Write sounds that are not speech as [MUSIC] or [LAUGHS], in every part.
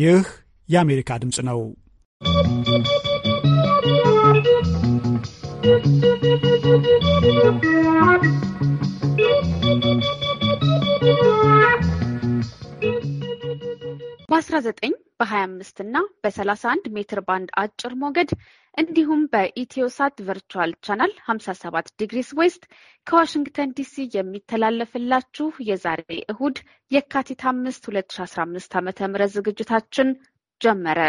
ይህ የአሜሪካ ድምፅ ነው። ¶¶ በ19 በ25 እና በ31 ሜትር ባንድ አጭር ሞገድ እንዲሁም በኢትዮሳት ቨርቹዋል ቻናል 57 ዲግሪስ ዌስት ከዋሽንግተን ዲሲ የሚተላለፍላችሁ የዛሬ እሁድ የካቲት 5 2015 ዓ ም ዝግጅታችን ጀመረ።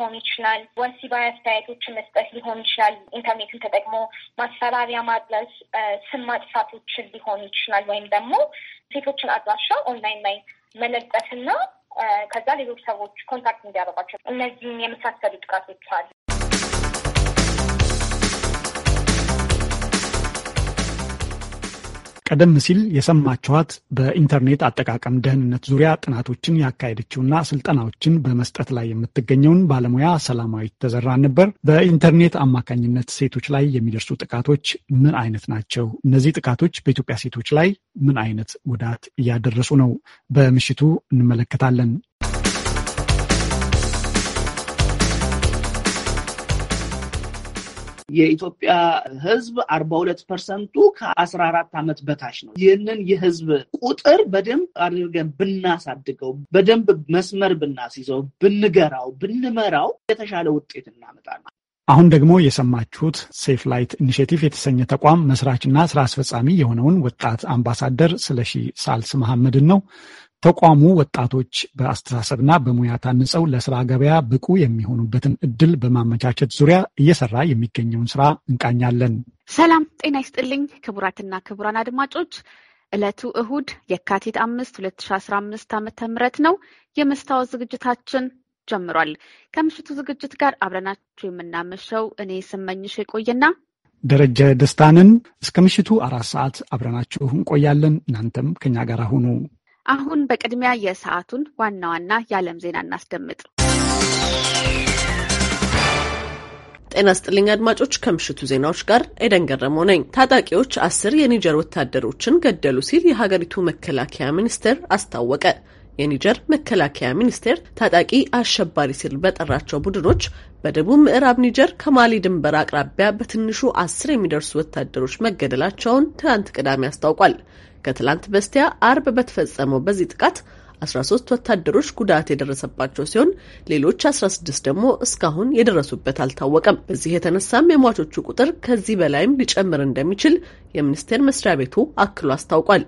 ሊሆን ይችላል፣ ወሲባዊ አስተያየቶችን መስጠት ሊሆን ይችላል፣ ኢንተርኔትን ተጠቅሞ ማስፈራሪያ ማድረስ፣ ስም ማጥፋቶችን ሊሆን ይችላል። ወይም ደግሞ ሴቶችን አድራሻ ኦንላይን ላይ መለጠፍና ከዛ ሌሎች ሰዎች ኮንታክት እንዲያደርጓቸው እነዚህም የመሳሰሉ ጥቃቶች አሉ። ቀደም ሲል የሰማችኋት በኢንተርኔት አጠቃቀም ደህንነት ዙሪያ ጥናቶችን ያካሄደችውና ስልጠናዎችን በመስጠት ላይ የምትገኘውን ባለሙያ ሰላማዊት ተዘራን ነበር። በኢንተርኔት አማካኝነት ሴቶች ላይ የሚደርሱ ጥቃቶች ምን አይነት ናቸው? እነዚህ ጥቃቶች በኢትዮጵያ ሴቶች ላይ ምን አይነት ጉዳት እያደረሱ ነው? በምሽቱ እንመለከታለን። የኢትዮጵያ ህዝብ አርባ ሁለት ፐርሰንቱ ከአስራ አራት ዓመት በታች ነው። ይህንን የህዝብ ቁጥር በደንብ አድርገን ብናሳድገው፣ በደንብ መስመር ብናስይዘው፣ ብንገራው፣ ብንመራው የተሻለ ውጤት እናመጣለን። አሁን ደግሞ የሰማችሁት ሴፍ ላይት ኢኒሽቲቭ የተሰኘ ተቋም መስራችና ስራ አስፈጻሚ የሆነውን ወጣት አምባሳደር ስለሺ ሳልስ መሐመድን ነው። ተቋሙ ወጣቶች በአስተሳሰብና በሙያ ታንጸው ለስራ ገበያ ብቁ የሚሆኑበትን እድል በማመቻቸት ዙሪያ እየሰራ የሚገኘውን ስራ እንቃኛለን። ሰላም ጤና ይስጥልኝ ክቡራትና ክቡራን አድማጮች ዕለቱ እሁድ የካቲት አምስት ሁለት ሺ አስራ አምስት ዓመተ ምህረት ነው። የመስታወት ዝግጅታችን ጀምሯል። ከምሽቱ ዝግጅት ጋር አብረናችሁ የምናመሸው እኔ ስመኝሽ የቆየና ደረጀ ደስታንን እስከ ምሽቱ አራት ሰዓት አብረናችሁ እንቆያለን። እናንተም ከኛ ጋር ሁኑ። አሁን በቅድሚያ የሰዓቱን ዋና ዋና የዓለም ዜና እናስደምጥ። ጤና ስጥልኝ አድማጮች፣ ከምሽቱ ዜናዎች ጋር ኤደን ገረመው ነኝ። ታጣቂዎች አስር የኒጀር ወታደሮችን ገደሉ ሲል የሀገሪቱ መከላከያ ሚኒስቴር አስታወቀ። የኒጀር መከላከያ ሚኒስቴር ታጣቂ አሸባሪ ሲል በጠራቸው ቡድኖች በደቡብ ምዕራብ ኒጀር ከማሊ ድንበር አቅራቢያ በትንሹ አስር የሚደርሱ ወታደሮች መገደላቸውን ትናንት ቅዳሜ አስታውቋል። ከትላንት በስቲያ አርብ በተፈጸመው በዚህ ጥቃት 13 ወታደሮች ጉዳት የደረሰባቸው ሲሆን ሌሎች 16 ደግሞ እስካሁን የደረሱበት አልታወቀም። በዚህ የተነሳም የሟቾቹ ቁጥር ከዚህ በላይም ሊጨምር እንደሚችል የሚኒስቴር መስሪያ ቤቱ አክሎ አስታውቋል።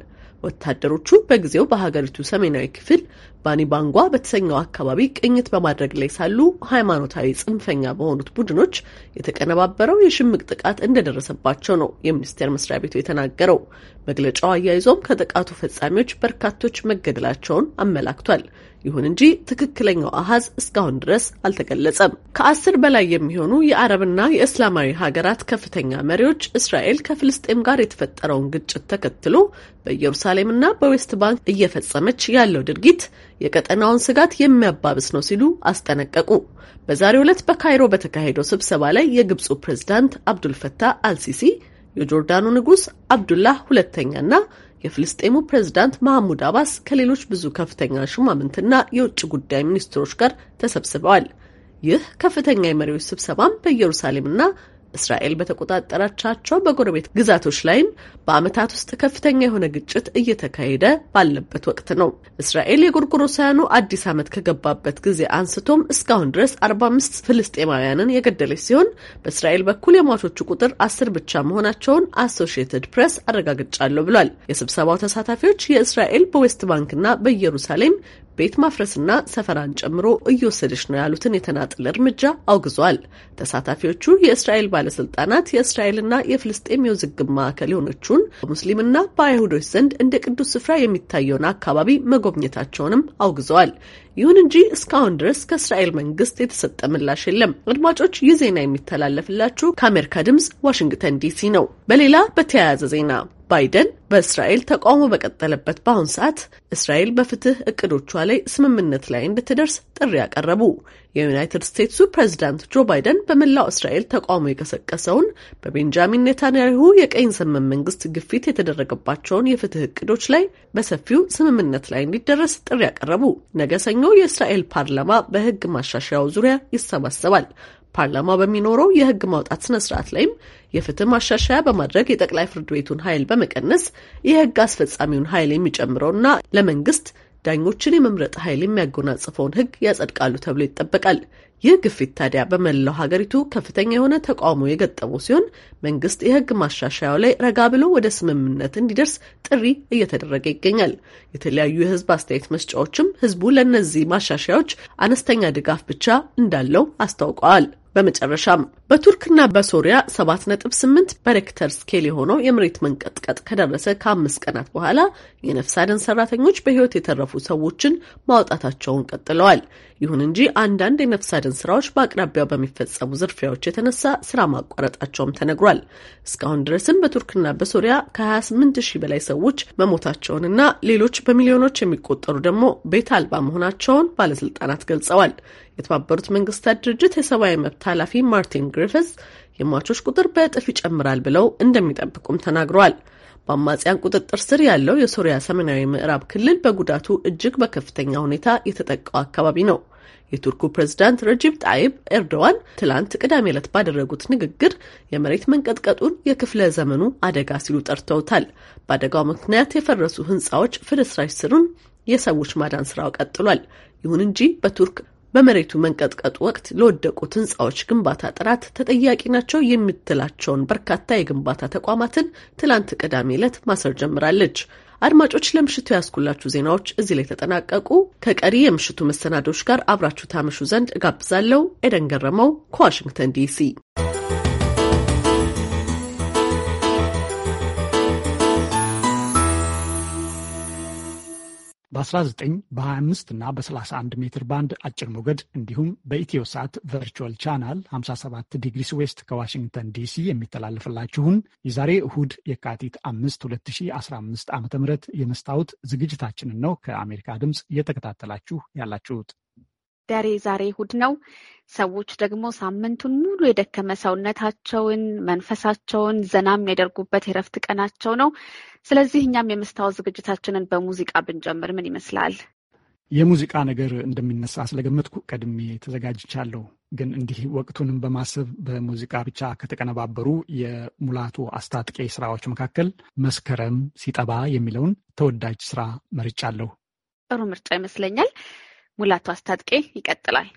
ወታደሮቹ በጊዜው በሀገሪቱ ሰሜናዊ ክፍል ባኒባንጓ በተሰኘው አካባቢ ቅኝት በማድረግ ላይ ሳሉ ሃይማኖታዊ ጽንፈኛ በሆኑት ቡድኖች የተቀነባበረው የሽምቅ ጥቃት እንደደረሰባቸው ነው የሚኒስቴር መስሪያ ቤቱ የተናገረው። መግለጫው አያይዞም ከጥቃቱ ፈጻሚዎች በርካቶች መገደላቸውን አመላክቷል። ይሁን እንጂ ትክክለኛው አሃዝ እስካሁን ድረስ አልተገለጸም። ከአስር በላይ የሚሆኑ የአረብና የእስላማዊ ሀገራት ከፍተኛ መሪዎች እስራኤል ከፍልስጤም ጋር የተፈጠረውን ግጭት ተከትሎ በኢየሩሳሌምና በዌስት ባንክ እየፈጸመች ያለው ድርጊት የቀጠናውን ስጋት የሚያባብስ ነው ሲሉ አስጠነቀቁ። በዛሬው ዕለት በካይሮ በተካሄደው ስብሰባ ላይ የግብፁ ፕሬዝዳንት አብዱልፈታህ አልሲሲ የጆርዳኑ ንጉሥ አብዱላህ ሁለተኛና የፍልስጤሙ ፕሬዝዳንት መሐሙድ አባስ ከሌሎች ብዙ ከፍተኛ ሹማምንትና የውጭ ጉዳይ ሚኒስትሮች ጋር ተሰብስበዋል። ይህ ከፍተኛ የመሪዎች ስብሰባም በኢየሩሳሌምና እስራኤል በተቆጣጠረቻቸው በጎረቤት ግዛቶች ላይም በዓመታት ውስጥ ከፍተኛ የሆነ ግጭት እየተካሄደ ባለበት ወቅት ነው። እስራኤል የጎርጎሮሳውያኑ አዲስ ዓመት ከገባበት ጊዜ አንስቶም እስካሁን ድረስ 45 ፍልስጤማውያንን የገደለች ሲሆን በእስራኤል በኩል የሟቾቹ ቁጥር አስር ብቻ መሆናቸውን አሶሽትድ ፕሬስ አረጋግጫለሁ ብሏል። የስብሰባው ተሳታፊዎች የእስራኤል በዌስት ባንክና በኢየሩሳሌም ቤት ማፍረስና ሰፈራን ጨምሮ እየወሰደች ነው ያሉትን የተናጠለ እርምጃ አውግዟል። ተሳታፊዎቹ የእስራኤል ባለስልጣናት የእስራኤልና የፍልስጤም የውዝግብ ማዕከል የሆነችውን በሙስሊምና በአይሁዶች ዘንድ እንደ ቅዱስ ስፍራ የሚታየውን አካባቢ መጎብኘታቸውንም አውግዘዋል። ይሁን እንጂ እስካሁን ድረስ ከእስራኤል መንግስት የተሰጠ ምላሽ የለም። አድማጮች፣ ይህ ዜና የሚተላለፍላችሁ ከአሜሪካ ድምጽ ዋሽንግተን ዲሲ ነው። በሌላ በተያያዘ ዜና ባይደን በእስራኤል ተቃውሞ በቀጠለበት በአሁን ሰዓት እስራኤል በፍትህ እቅዶቿ ላይ ስምምነት ላይ እንድትደርስ ጥሪ ያቀረቡ የዩናይትድ ስቴትሱ ፕሬዚዳንት ጆ ባይደን በመላው እስራኤል ተቃውሞ የቀሰቀሰውን በቤንጃሚን ኔታንያሁ የቀኝ ዘመም መንግስት ግፊት የተደረገባቸውን የፍትህ እቅዶች ላይ በሰፊው ስምምነት ላይ እንዲደረስ ጥሪ ያቀረቡ፣ ነገ ሰኞ የእስራኤል ፓርላማ በህግ ማሻሻያው ዙሪያ ይሰባሰባል። ፓርላማ በሚኖረው የህግ ማውጣት ስነ ስርዓት ላይም የፍትህ ማሻሻያ በማድረግ የጠቅላይ ፍርድ ቤቱን ኃይል በመቀነስ የህግ አስፈጻሚውን ኃይል የሚጨምረውና ለመንግስት ዳኞችን የመምረጥ ኃይል የሚያጎናጽፈውን ህግ ያጸድቃሉ ተብሎ ይጠበቃል። ይህ ግፊት ታዲያ በመላው ሀገሪቱ ከፍተኛ የሆነ ተቃውሞ የገጠመው ሲሆን መንግስት የህግ ማሻሻያው ላይ ረጋ ብሎ ወደ ስምምነት እንዲደርስ ጥሪ እየተደረገ ይገኛል። የተለያዩ የህዝብ አስተያየት መስጫዎችም ህዝቡ ለእነዚህ ማሻሻያዎች አነስተኛ ድጋፍ ብቻ እንዳለው አስታውቀዋል። በመጨረሻም በቱርክና በሶሪያ 7.8 በሬክተር ስኬል የሆነው የመሬት መንቀጥቀጥ ከደረሰ ከአምስት ቀናት በኋላ የነፍስ አድን ሰራተኞች በሕይወት የተረፉ ሰዎችን ማውጣታቸውን ቀጥለዋል። ይሁን እንጂ አንዳንድ የነፍስ አድን ስራዎች በአቅራቢያው በሚፈጸሙ ዝርፊያዎች የተነሳ ስራ ማቋረጣቸውም ተነግሯል። እስካሁን ድረስም በቱርክና በሶሪያ ከ28 ሺህ በላይ ሰዎች መሞታቸውንና ሌሎች በሚሊዮኖች የሚቆጠሩ ደግሞ ቤት አልባ መሆናቸውን ባለስልጣናት ገልጸዋል። የተባበሩት መንግስታት ድርጅት የሰብአዊ መብት ኃላፊ ማርቲን ግሪፍስ የሟቾች ቁጥር በእጥፍ ይጨምራል ብለው እንደሚጠብቁም ተናግረዋል። በአማጽያን ቁጥጥር ስር ያለው የሶሪያ ሰሜናዊ ምዕራብ ክልል በጉዳቱ እጅግ በከፍተኛ ሁኔታ የተጠቃው አካባቢ ነው። የቱርኩ ፕሬዝዳንት ረጂብ ጣይብ ኤርዶዋን ትላንት ቅዳሜ ዕለት ባደረጉት ንግግር የመሬት መንቀጥቀጡን የክፍለ ዘመኑ አደጋ ሲሉ ጠርተውታል። በአደጋው ምክንያት የፈረሱ ህንፃዎች ፍርስራሽ ስሩን የሰዎች ማዳን ስራው ቀጥሏል። ይሁን እንጂ በቱርክ በመሬቱ መንቀጥቀጡ ወቅት ለወደቁት ህንፃዎች ግንባታ ጥራት ተጠያቂ ናቸው የምትላቸውን በርካታ የግንባታ ተቋማትን ትላንት ቅዳሜ ዕለት ማሰር ጀምራለች። አድማጮች ለምሽቱ ያስኩላችሁ ዜናዎች እዚህ ላይ ተጠናቀቁ። ከቀሪ የምሽቱ መሰናዶች ጋር አብራችሁ ታመሹ ዘንድ እጋብዛለሁ። ኤደን ገረመው ከዋሽንግተን ዲሲ በ19 በ25 እና በ31 ሜትር ባንድ አጭር ሞገድ እንዲሁም በኢትዮ ሳት ቨርቹዋል ቻናል 57 ዲግሪስ ዌስት ከዋሽንግተን ዲሲ የሚተላለፍላችሁን የዛሬ እሁድ የካቲት 5 2015 ዓ ም የመስታወት ዝግጅታችንን ነው ከአሜሪካ ድምፅ እየተከታተላችሁ ያላችሁት። ደሬ ዛሬ እሁድ ነው። ሰዎች ደግሞ ሳምንቱን ሙሉ የደከመ ሰውነታቸውን፣ መንፈሳቸውን ዘና የሚያደርጉበት የረፍት ቀናቸው ነው። ስለዚህ እኛም የመስታወት ዝግጅታችንን በሙዚቃ ብንጀምር ምን ይመስላል? የሙዚቃ ነገር እንደሚነሳ ስለገመትኩ ቀድሜ ተዘጋጅቻለሁ። ግን እንዲህ ወቅቱንም በማሰብ በሙዚቃ ብቻ ከተቀነባበሩ የሙላቱ አስታጥቄ ስራዎች መካከል መስከረም ሲጠባ የሚለውን ተወዳጅ ስራ መርጫለሁ። ጥሩ ምርጫ ይመስለኛል። ሙላቱ አስታጥቄ ይቀጥላል።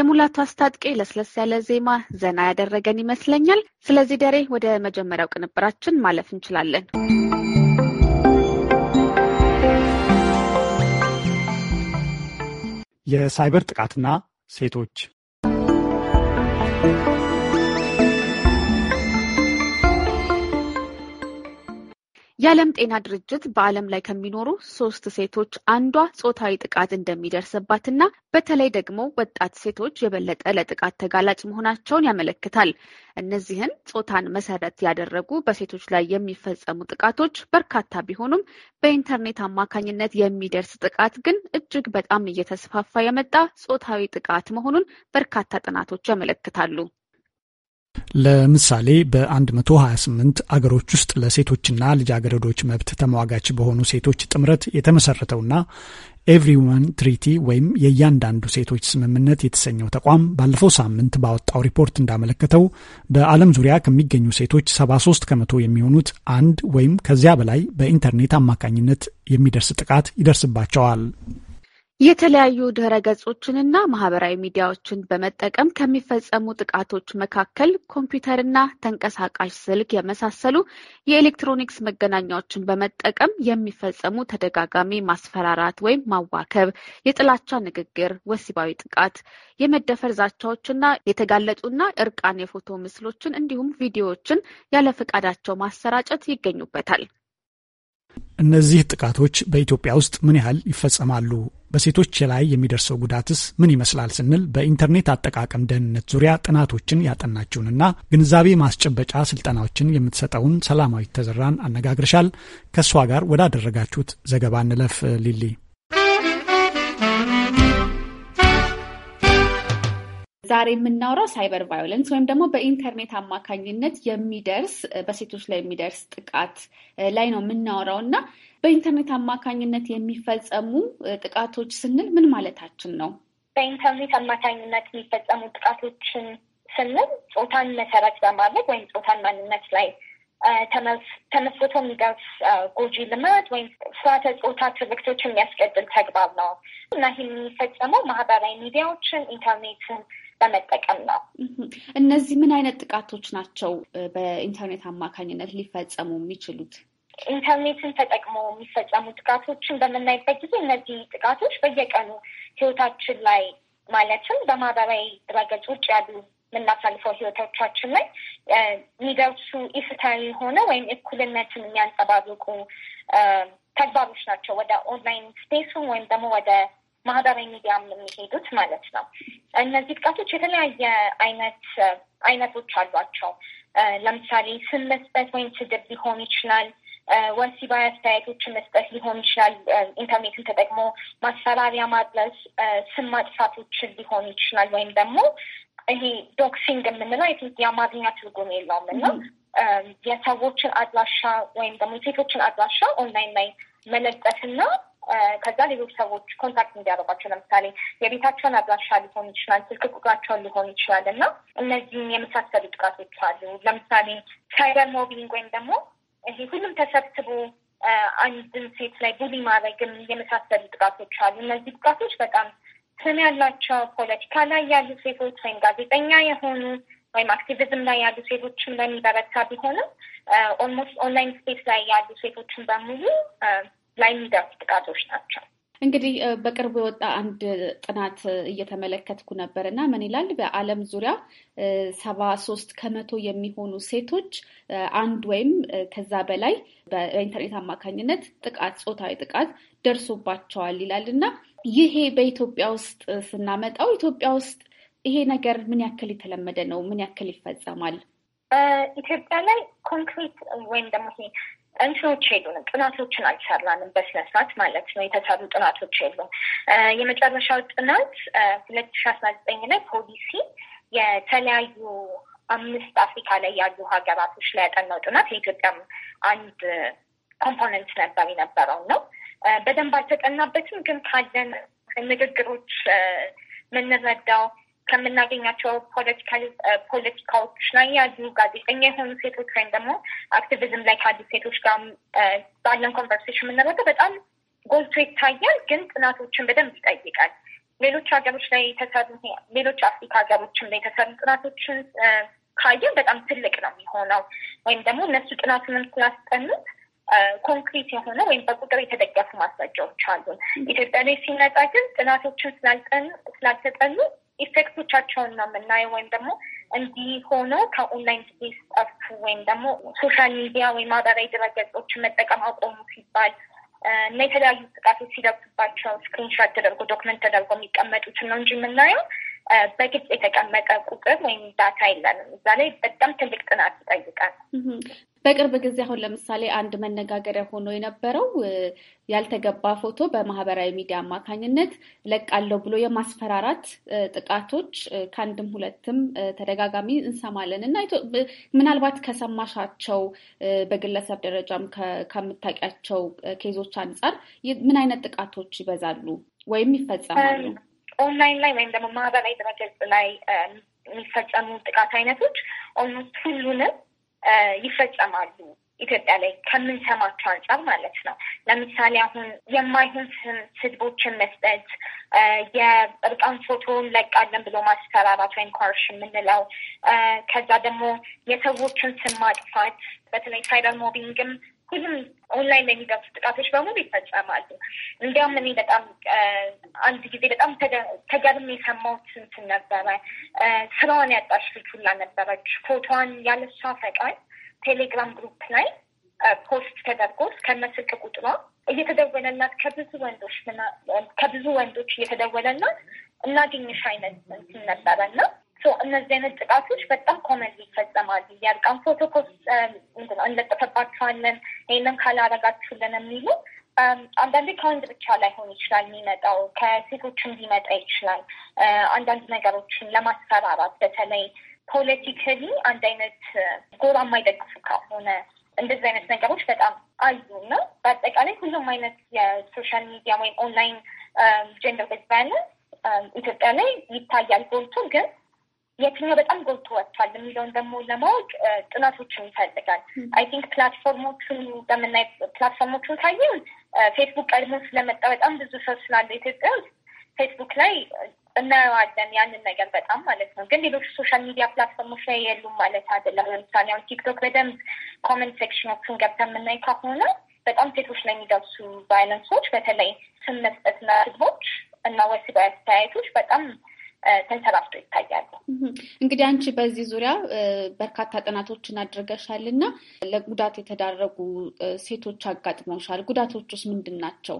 የሙላቱ አስታጥቄ ለስለስ ያለ ዜማ ዘና ያደረገን ይመስለኛል። ስለዚህ ደሬ ወደ መጀመሪያው ቅንብራችን ማለፍ እንችላለን። የሳይበር ጥቃትና ሴቶች የዓለም ጤና ድርጅት በዓለም ላይ ከሚኖሩ ሶስት ሴቶች አንዷ ጾታዊ ጥቃት እንደሚደርስባትና በተለይ ደግሞ ወጣት ሴቶች የበለጠ ለጥቃት ተጋላጭ መሆናቸውን ያመለክታል። እነዚህን ጾታን መሰረት ያደረጉ በሴቶች ላይ የሚፈጸሙ ጥቃቶች በርካታ ቢሆኑም በኢንተርኔት አማካኝነት የሚደርስ ጥቃት ግን እጅግ በጣም እየተስፋፋ የመጣ ጾታዊ ጥቃት መሆኑን በርካታ ጥናቶች ያመለክታሉ። ለምሳሌ በ128 አገሮች ውስጥ ለሴቶችና ልጃገረዶች መብት ተሟጋች በሆኑ ሴቶች ጥምረት የተመሰረተውና ኤቭሪዋን ትሪቲ ወይም የእያንዳንዱ ሴቶች ስምምነት የተሰኘው ተቋም ባለፈው ሳምንት ባወጣው ሪፖርት እንዳመለከተው በዓለም ዙሪያ ከሚገኙ ሴቶች 73 ከመቶ የሚሆኑት አንድ ወይም ከዚያ በላይ በኢንተርኔት አማካኝነት የሚደርስ ጥቃት ይደርስባቸዋል። የተለያዩ ድህረ ገጾችንና ማህበራዊ ሚዲያዎችን በመጠቀም ከሚፈጸሙ ጥቃቶች መካከል ኮምፒውተርና ተንቀሳቃሽ ስልክ የመሳሰሉ የኤሌክትሮኒክስ መገናኛዎችን በመጠቀም የሚፈጸሙ ተደጋጋሚ ማስፈራራት ወይም ማዋከብ፣ የጥላቻ ንግግር፣ ወሲባዊ ጥቃት፣ የመደፈር ዛቻዎችና የተጋለጡና እርቃን የፎቶ ምስሎችን እንዲሁም ቪዲዮዎችን ያለ ፈቃዳቸው ማሰራጨት ይገኙበታል። እነዚህ ጥቃቶች በኢትዮጵያ ውስጥ ምን ያህል ይፈጸማሉ? በሴቶች ላይ የሚደርሰው ጉዳትስ ምን ይመስላል ስንል በኢንተርኔት አጠቃቀም ደህንነት ዙሪያ ጥናቶችን ያጠናችውንና ግንዛቤ ማስጨበጫ ስልጠናዎችን የምትሰጠውን ሰላማዊት ተዘራን አነጋግርሻል። ከእሷ ጋር ወዳደረጋችሁት ዘገባ እንለፍ። ሊሊ ዛሬ የምናውራው ሳይበር ቫዮለንስ ወይም ደግሞ በኢንተርኔት አማካኝነት የሚደርስ በሴቶች ላይ የሚደርስ ጥቃት ላይ ነው የምናውራው እና በኢንተርኔት አማካኝነት የሚፈጸሙ ጥቃቶች ስንል ምን ማለታችን ነው? በኢንተርኔት አማካኝነት የሚፈጸሙ ጥቃቶችን ስንል ጾታን መሰረት በማድረግ ወይም ጾታን ማንነት ላይ ተመስርቶ የሚደርስ ጎጂ ልማድ ወይም ስርዓተ ጾታ ትርክቶች የሚያስቀጥል ተግባር ነው እና ይህ የሚፈጸመው ማህበራዊ ሚዲያዎችን፣ ኢንተርኔትን በመጠቀም ነው። እነዚህ ምን አይነት ጥቃቶች ናቸው በኢንተርኔት አማካኝነት ሊፈጸሙ የሚችሉት? ኢንተርኔትን ተጠቅሞ የሚፈጸሙ ጥቃቶችን በምናይበት ጊዜ እነዚህ ጥቃቶች በየቀኑ ህይወታችን ላይ ማለትም በማህበራዊ ድረገጽ ውጭ ያሉ የምናሳልፈው ህይወቶቻችን ላይ የሚደርሱ ኢፍትሐዊ የሆነ ወይም እኩልነትን የሚያንጸባርቁ ተግባሮች ናቸው። ወደ ኦንላይን ስፔሱ ወይም ደግሞ ወደ ማህበራዊ ሚዲያም የሚሄዱት ማለት ነው። እነዚህ ጥቃቶች የተለያየ አይነት አይነቶች አሏቸው። ለምሳሌ ስም መስጠት ወይም ስድብ ሊሆን ይችላል። ወሲባዊ አስተያየቶችን መስጠት ሊሆን ይችላል። ኢንተርኔትን ተጠቅሞ ማስፈራሪያ ማድረስ፣ ስም ማጥፋቶችን ሊሆን ይችላል። ወይም ደግሞ ይሄ ዶክሲንግ የምንለው የአማርኛ ትርጉም የለውም እና የሰዎችን አድራሻ ወይም ደግሞ የሴቶችን አድራሻ ኦንላይን ላይ መለጠፍና ከዛ ሌሎች ሰዎች ኮንታክት እንዲያደርጓቸው ለምሳሌ የቤታቸውን አድራሻ ሊሆን ይችላል፣ ስልክ ቁጥራቸውን ሊሆን ይችላል እና እነዚህም የመሳሰሉ ጥቃቶች አሉ። ለምሳሌ ሳይበር ሞቢንግ ወይም ደግሞ ይሄ ሁሉም ተሰብስቦ አንድን ሴት ላይ ቡሊ ማድረግም የመሳሰሉ ጥቃቶች አሉ። እነዚህ ጥቃቶች በጣም ስም ያላቸው ፖለቲካ ላይ ያሉ ሴቶች ወይም ጋዜጠኛ የሆኑ ወይም አክቲቪዝም ላይ ያሉ ሴቶችን ለሚበረታ ቢሆንም ኦልሞስት ኦንላይን ስፔስ ላይ ያሉ ሴቶችን በሙሉ ላይ የሚደርሱ ጥቃቶች ናቸው። እንግዲህ በቅርቡ የወጣ አንድ ጥናት እየተመለከትኩ ነበር እና ምን ይላል? በዓለም ዙሪያ ሰባ ሶስት ከመቶ የሚሆኑ ሴቶች አንድ ወይም ከዛ በላይ በኢንተርኔት አማካኝነት ጥቃት፣ ጾታዊ ጥቃት ደርሶባቸዋል ይላል እና ይሄ በኢትዮጵያ ውስጥ ስናመጣው ኢትዮጵያ ውስጥ ይሄ ነገር ምን ያክል የተለመደ ነው? ምን ያክል ይፈጸማል? ኢትዮጵያ ላይ ኮንክሪት ወይም ደግሞ ይሄ እንትኖች የሉንም። ጥናቶችን አልሰራንም በስነስርዓት ማለት ነው። የተሰሩ ጥናቶች የሉም። የመጨረሻው ጥናት ሁለት ሺ አስራ ዘጠኝ ላይ ፖሊሲ የተለያዩ አምስት አፍሪካ ላይ ያሉ ሀገራቶች ላይ ያጠናው ጥናት የኢትዮጵያም አንድ ኮምፖነንት ነበር የነበረው ነው። በደንብ አልተጠናበትም፣ ግን ካለን ንግግሮች የምንረዳው ከምናገኛቸው ፖለቲካዎች ላይ ያሉ ጋዜጠኛ የሆኑ ሴቶች ወይም ደግሞ አክቲቪዝም ላይ ካሉ ሴቶች ጋር ባለን ኮንቨርሴሽን የምናደርገው በጣም ጎልቶ ይታያል፣ ግን ጥናቶችን በደንብ ይጠይቃል። ሌሎች ሀገሮች ላይ የተሰሩ ሌሎች አፍሪካ ሀገሮችም ላይ የተሰሩ ጥናቶችን ካየን በጣም ትልቅ ነው የሚሆነው ወይም ደግሞ እነሱ ጥናቱንም ስላስጠኑት ኮንክሪት የሆነ ወይም በቁጥር የተደገፉ ማስረጃዎች አሉ። ኢትዮጵያ ላይ ሲመጣ ግን ጥናቶችን ስላልጠኑ ኢፌክቶቻቸውን ነው የምናየው ወይም ደግሞ እንዲህ ሆነው ከኦንላይን ስፔስ ሲጠፉ ወይም ደግሞ ሶሻል ሚዲያ ወይም ማህበራዊ ድረገጾችን መጠቀም አቆሙ ሲባል እና የተለያዩ ጥቃቶች ሲደርሱባቸው ስክሪንሻት ተደርጎ ዶክመንት ተደርጎ የሚቀመጡትን ነው እንጂ የምናየው በግልጽ የተቀመጠ ቁጥር ወይም ዳታ የለንም። እዛ ላይ በጣም ትልቅ ጥናት ይጠይቃል። በቅርብ ጊዜ አሁን ለምሳሌ አንድ መነጋገሪያ ሆኖ የነበረው ያልተገባ ፎቶ በማህበራዊ ሚዲያ አማካኝነት ለቃለሁ ብሎ የማስፈራራት ጥቃቶች ከአንድም ሁለትም ተደጋጋሚ እንሰማለን እና ምናልባት ከሰማሻቸው በግለሰብ ደረጃም ከምታውቂያቸው ኬዞች አንጻር ምን አይነት ጥቃቶች ይበዛሉ ወይም ይፈጸማሉ? ኦንላይን ላይ ወይም ደግሞ ማህበራዊ ድረገጽ ላይ የሚፈጸሙ ጥቃት አይነቶች ኦልሞስት ሁሉንም ይፈጸማሉ። ኢትዮጵያ ላይ ከምንሰማቸው አንጻር ማለት ነው። ለምሳሌ አሁን የማይሆን ስም ስድቦችን መስጠት፣ የእርቃን ፎቶን ለቃለን ብሎ ማስፈራራት ወይም ኮርሽን የምንለው ከዛ ደግሞ የሰዎችን ስም ማጥፋት፣ በተለይ ሳይበር ሞቢንግም ሁሉም ኦንላይን ላይ ጥቃቶች በሙሉ ይፈጸማሉ። እንዲያውም እኔ በጣም አንድ ጊዜ በጣም ተገርም የሰማሁት ስንትን ነበረ። ስራዋን ያጣች ልጅ ሁላ ነበረች። ፎቶዋን ያለሷ ፈቃድ ቴሌግራም ግሩፕ ላይ ፖስት ተደርጎ እስከነ ስልክ ቁጥሯ እየተደወለላት ከብዙ ወንዶች ከብዙ ወንዶች እየተደወለላት እናገኝሽ አይነት እንትን ነበረ እና እነዚህ አይነት ጥቃቶች በጣም ኮመን ይፈጸማሉ። የእርቃን ፎቶኮስ እንለጥፈባቸዋለን ይህንን ካላረጋችሁልን የሚሉ አንዳንዴ ከወንድ ብቻ ላይሆን ይችላል የሚመጣው ከሴቶችም ሊመጣ ይችላል። አንዳንድ ነገሮችን ለማስፈራራት በተለይ ፖለቲካሊ አንድ አይነት ጎራ የማይደግፉ ከሆነ እንደዚህ አይነት ነገሮች በጣም አሉ እና በአጠቃላይ ሁሉም አይነት የሶሻል ሚዲያ ወይም ኦንላይን ጀንደር ቤዝ ኢትዮጵያ ላይ ይታያል ጎልቶ ግን የትኛው በጣም ጎልቶ ወጥቷል የሚለውን ደግሞ ለማወቅ ጥናቶችን ይፈልጋል። አይ ቲንክ ፕላትፎርሞቹን በምናይ ፕላትፎርሞቹን ካየን ፌስቡክ ቀድሞ ስለመጣ በጣም ብዙ ሰው ስላለ ኢትዮጵያ ውስጥ ፌስቡክ ላይ እናየዋለን ያንን ነገር በጣም ማለት ነው። ግን ሌሎች ሶሻል ሚዲያ ፕላትፎርሞች ላይ የሉም ማለት አይደለም። ለምሳሌ አሁን ቲክቶክ በደንብ ኮመንት ሴክሽኖቹን ገብተን የምናይ ከሆነ በጣም ሴቶች ላይ የሚደርሱ ቫይለንሶች፣ በተለይ ስም መስጠትና ስድቦች እና ወሲባዊ አስተያየቶች በጣም ተሰባስቶ ይታያሉ። እንግዲህ አንቺ በዚህ ዙሪያ በርካታ ጥናቶችን አድርገሻል እና ለጉዳት የተዳረጉ ሴቶች አጋጥመውሻል። ጉዳቶች ውስጥ ምንድን ናቸው?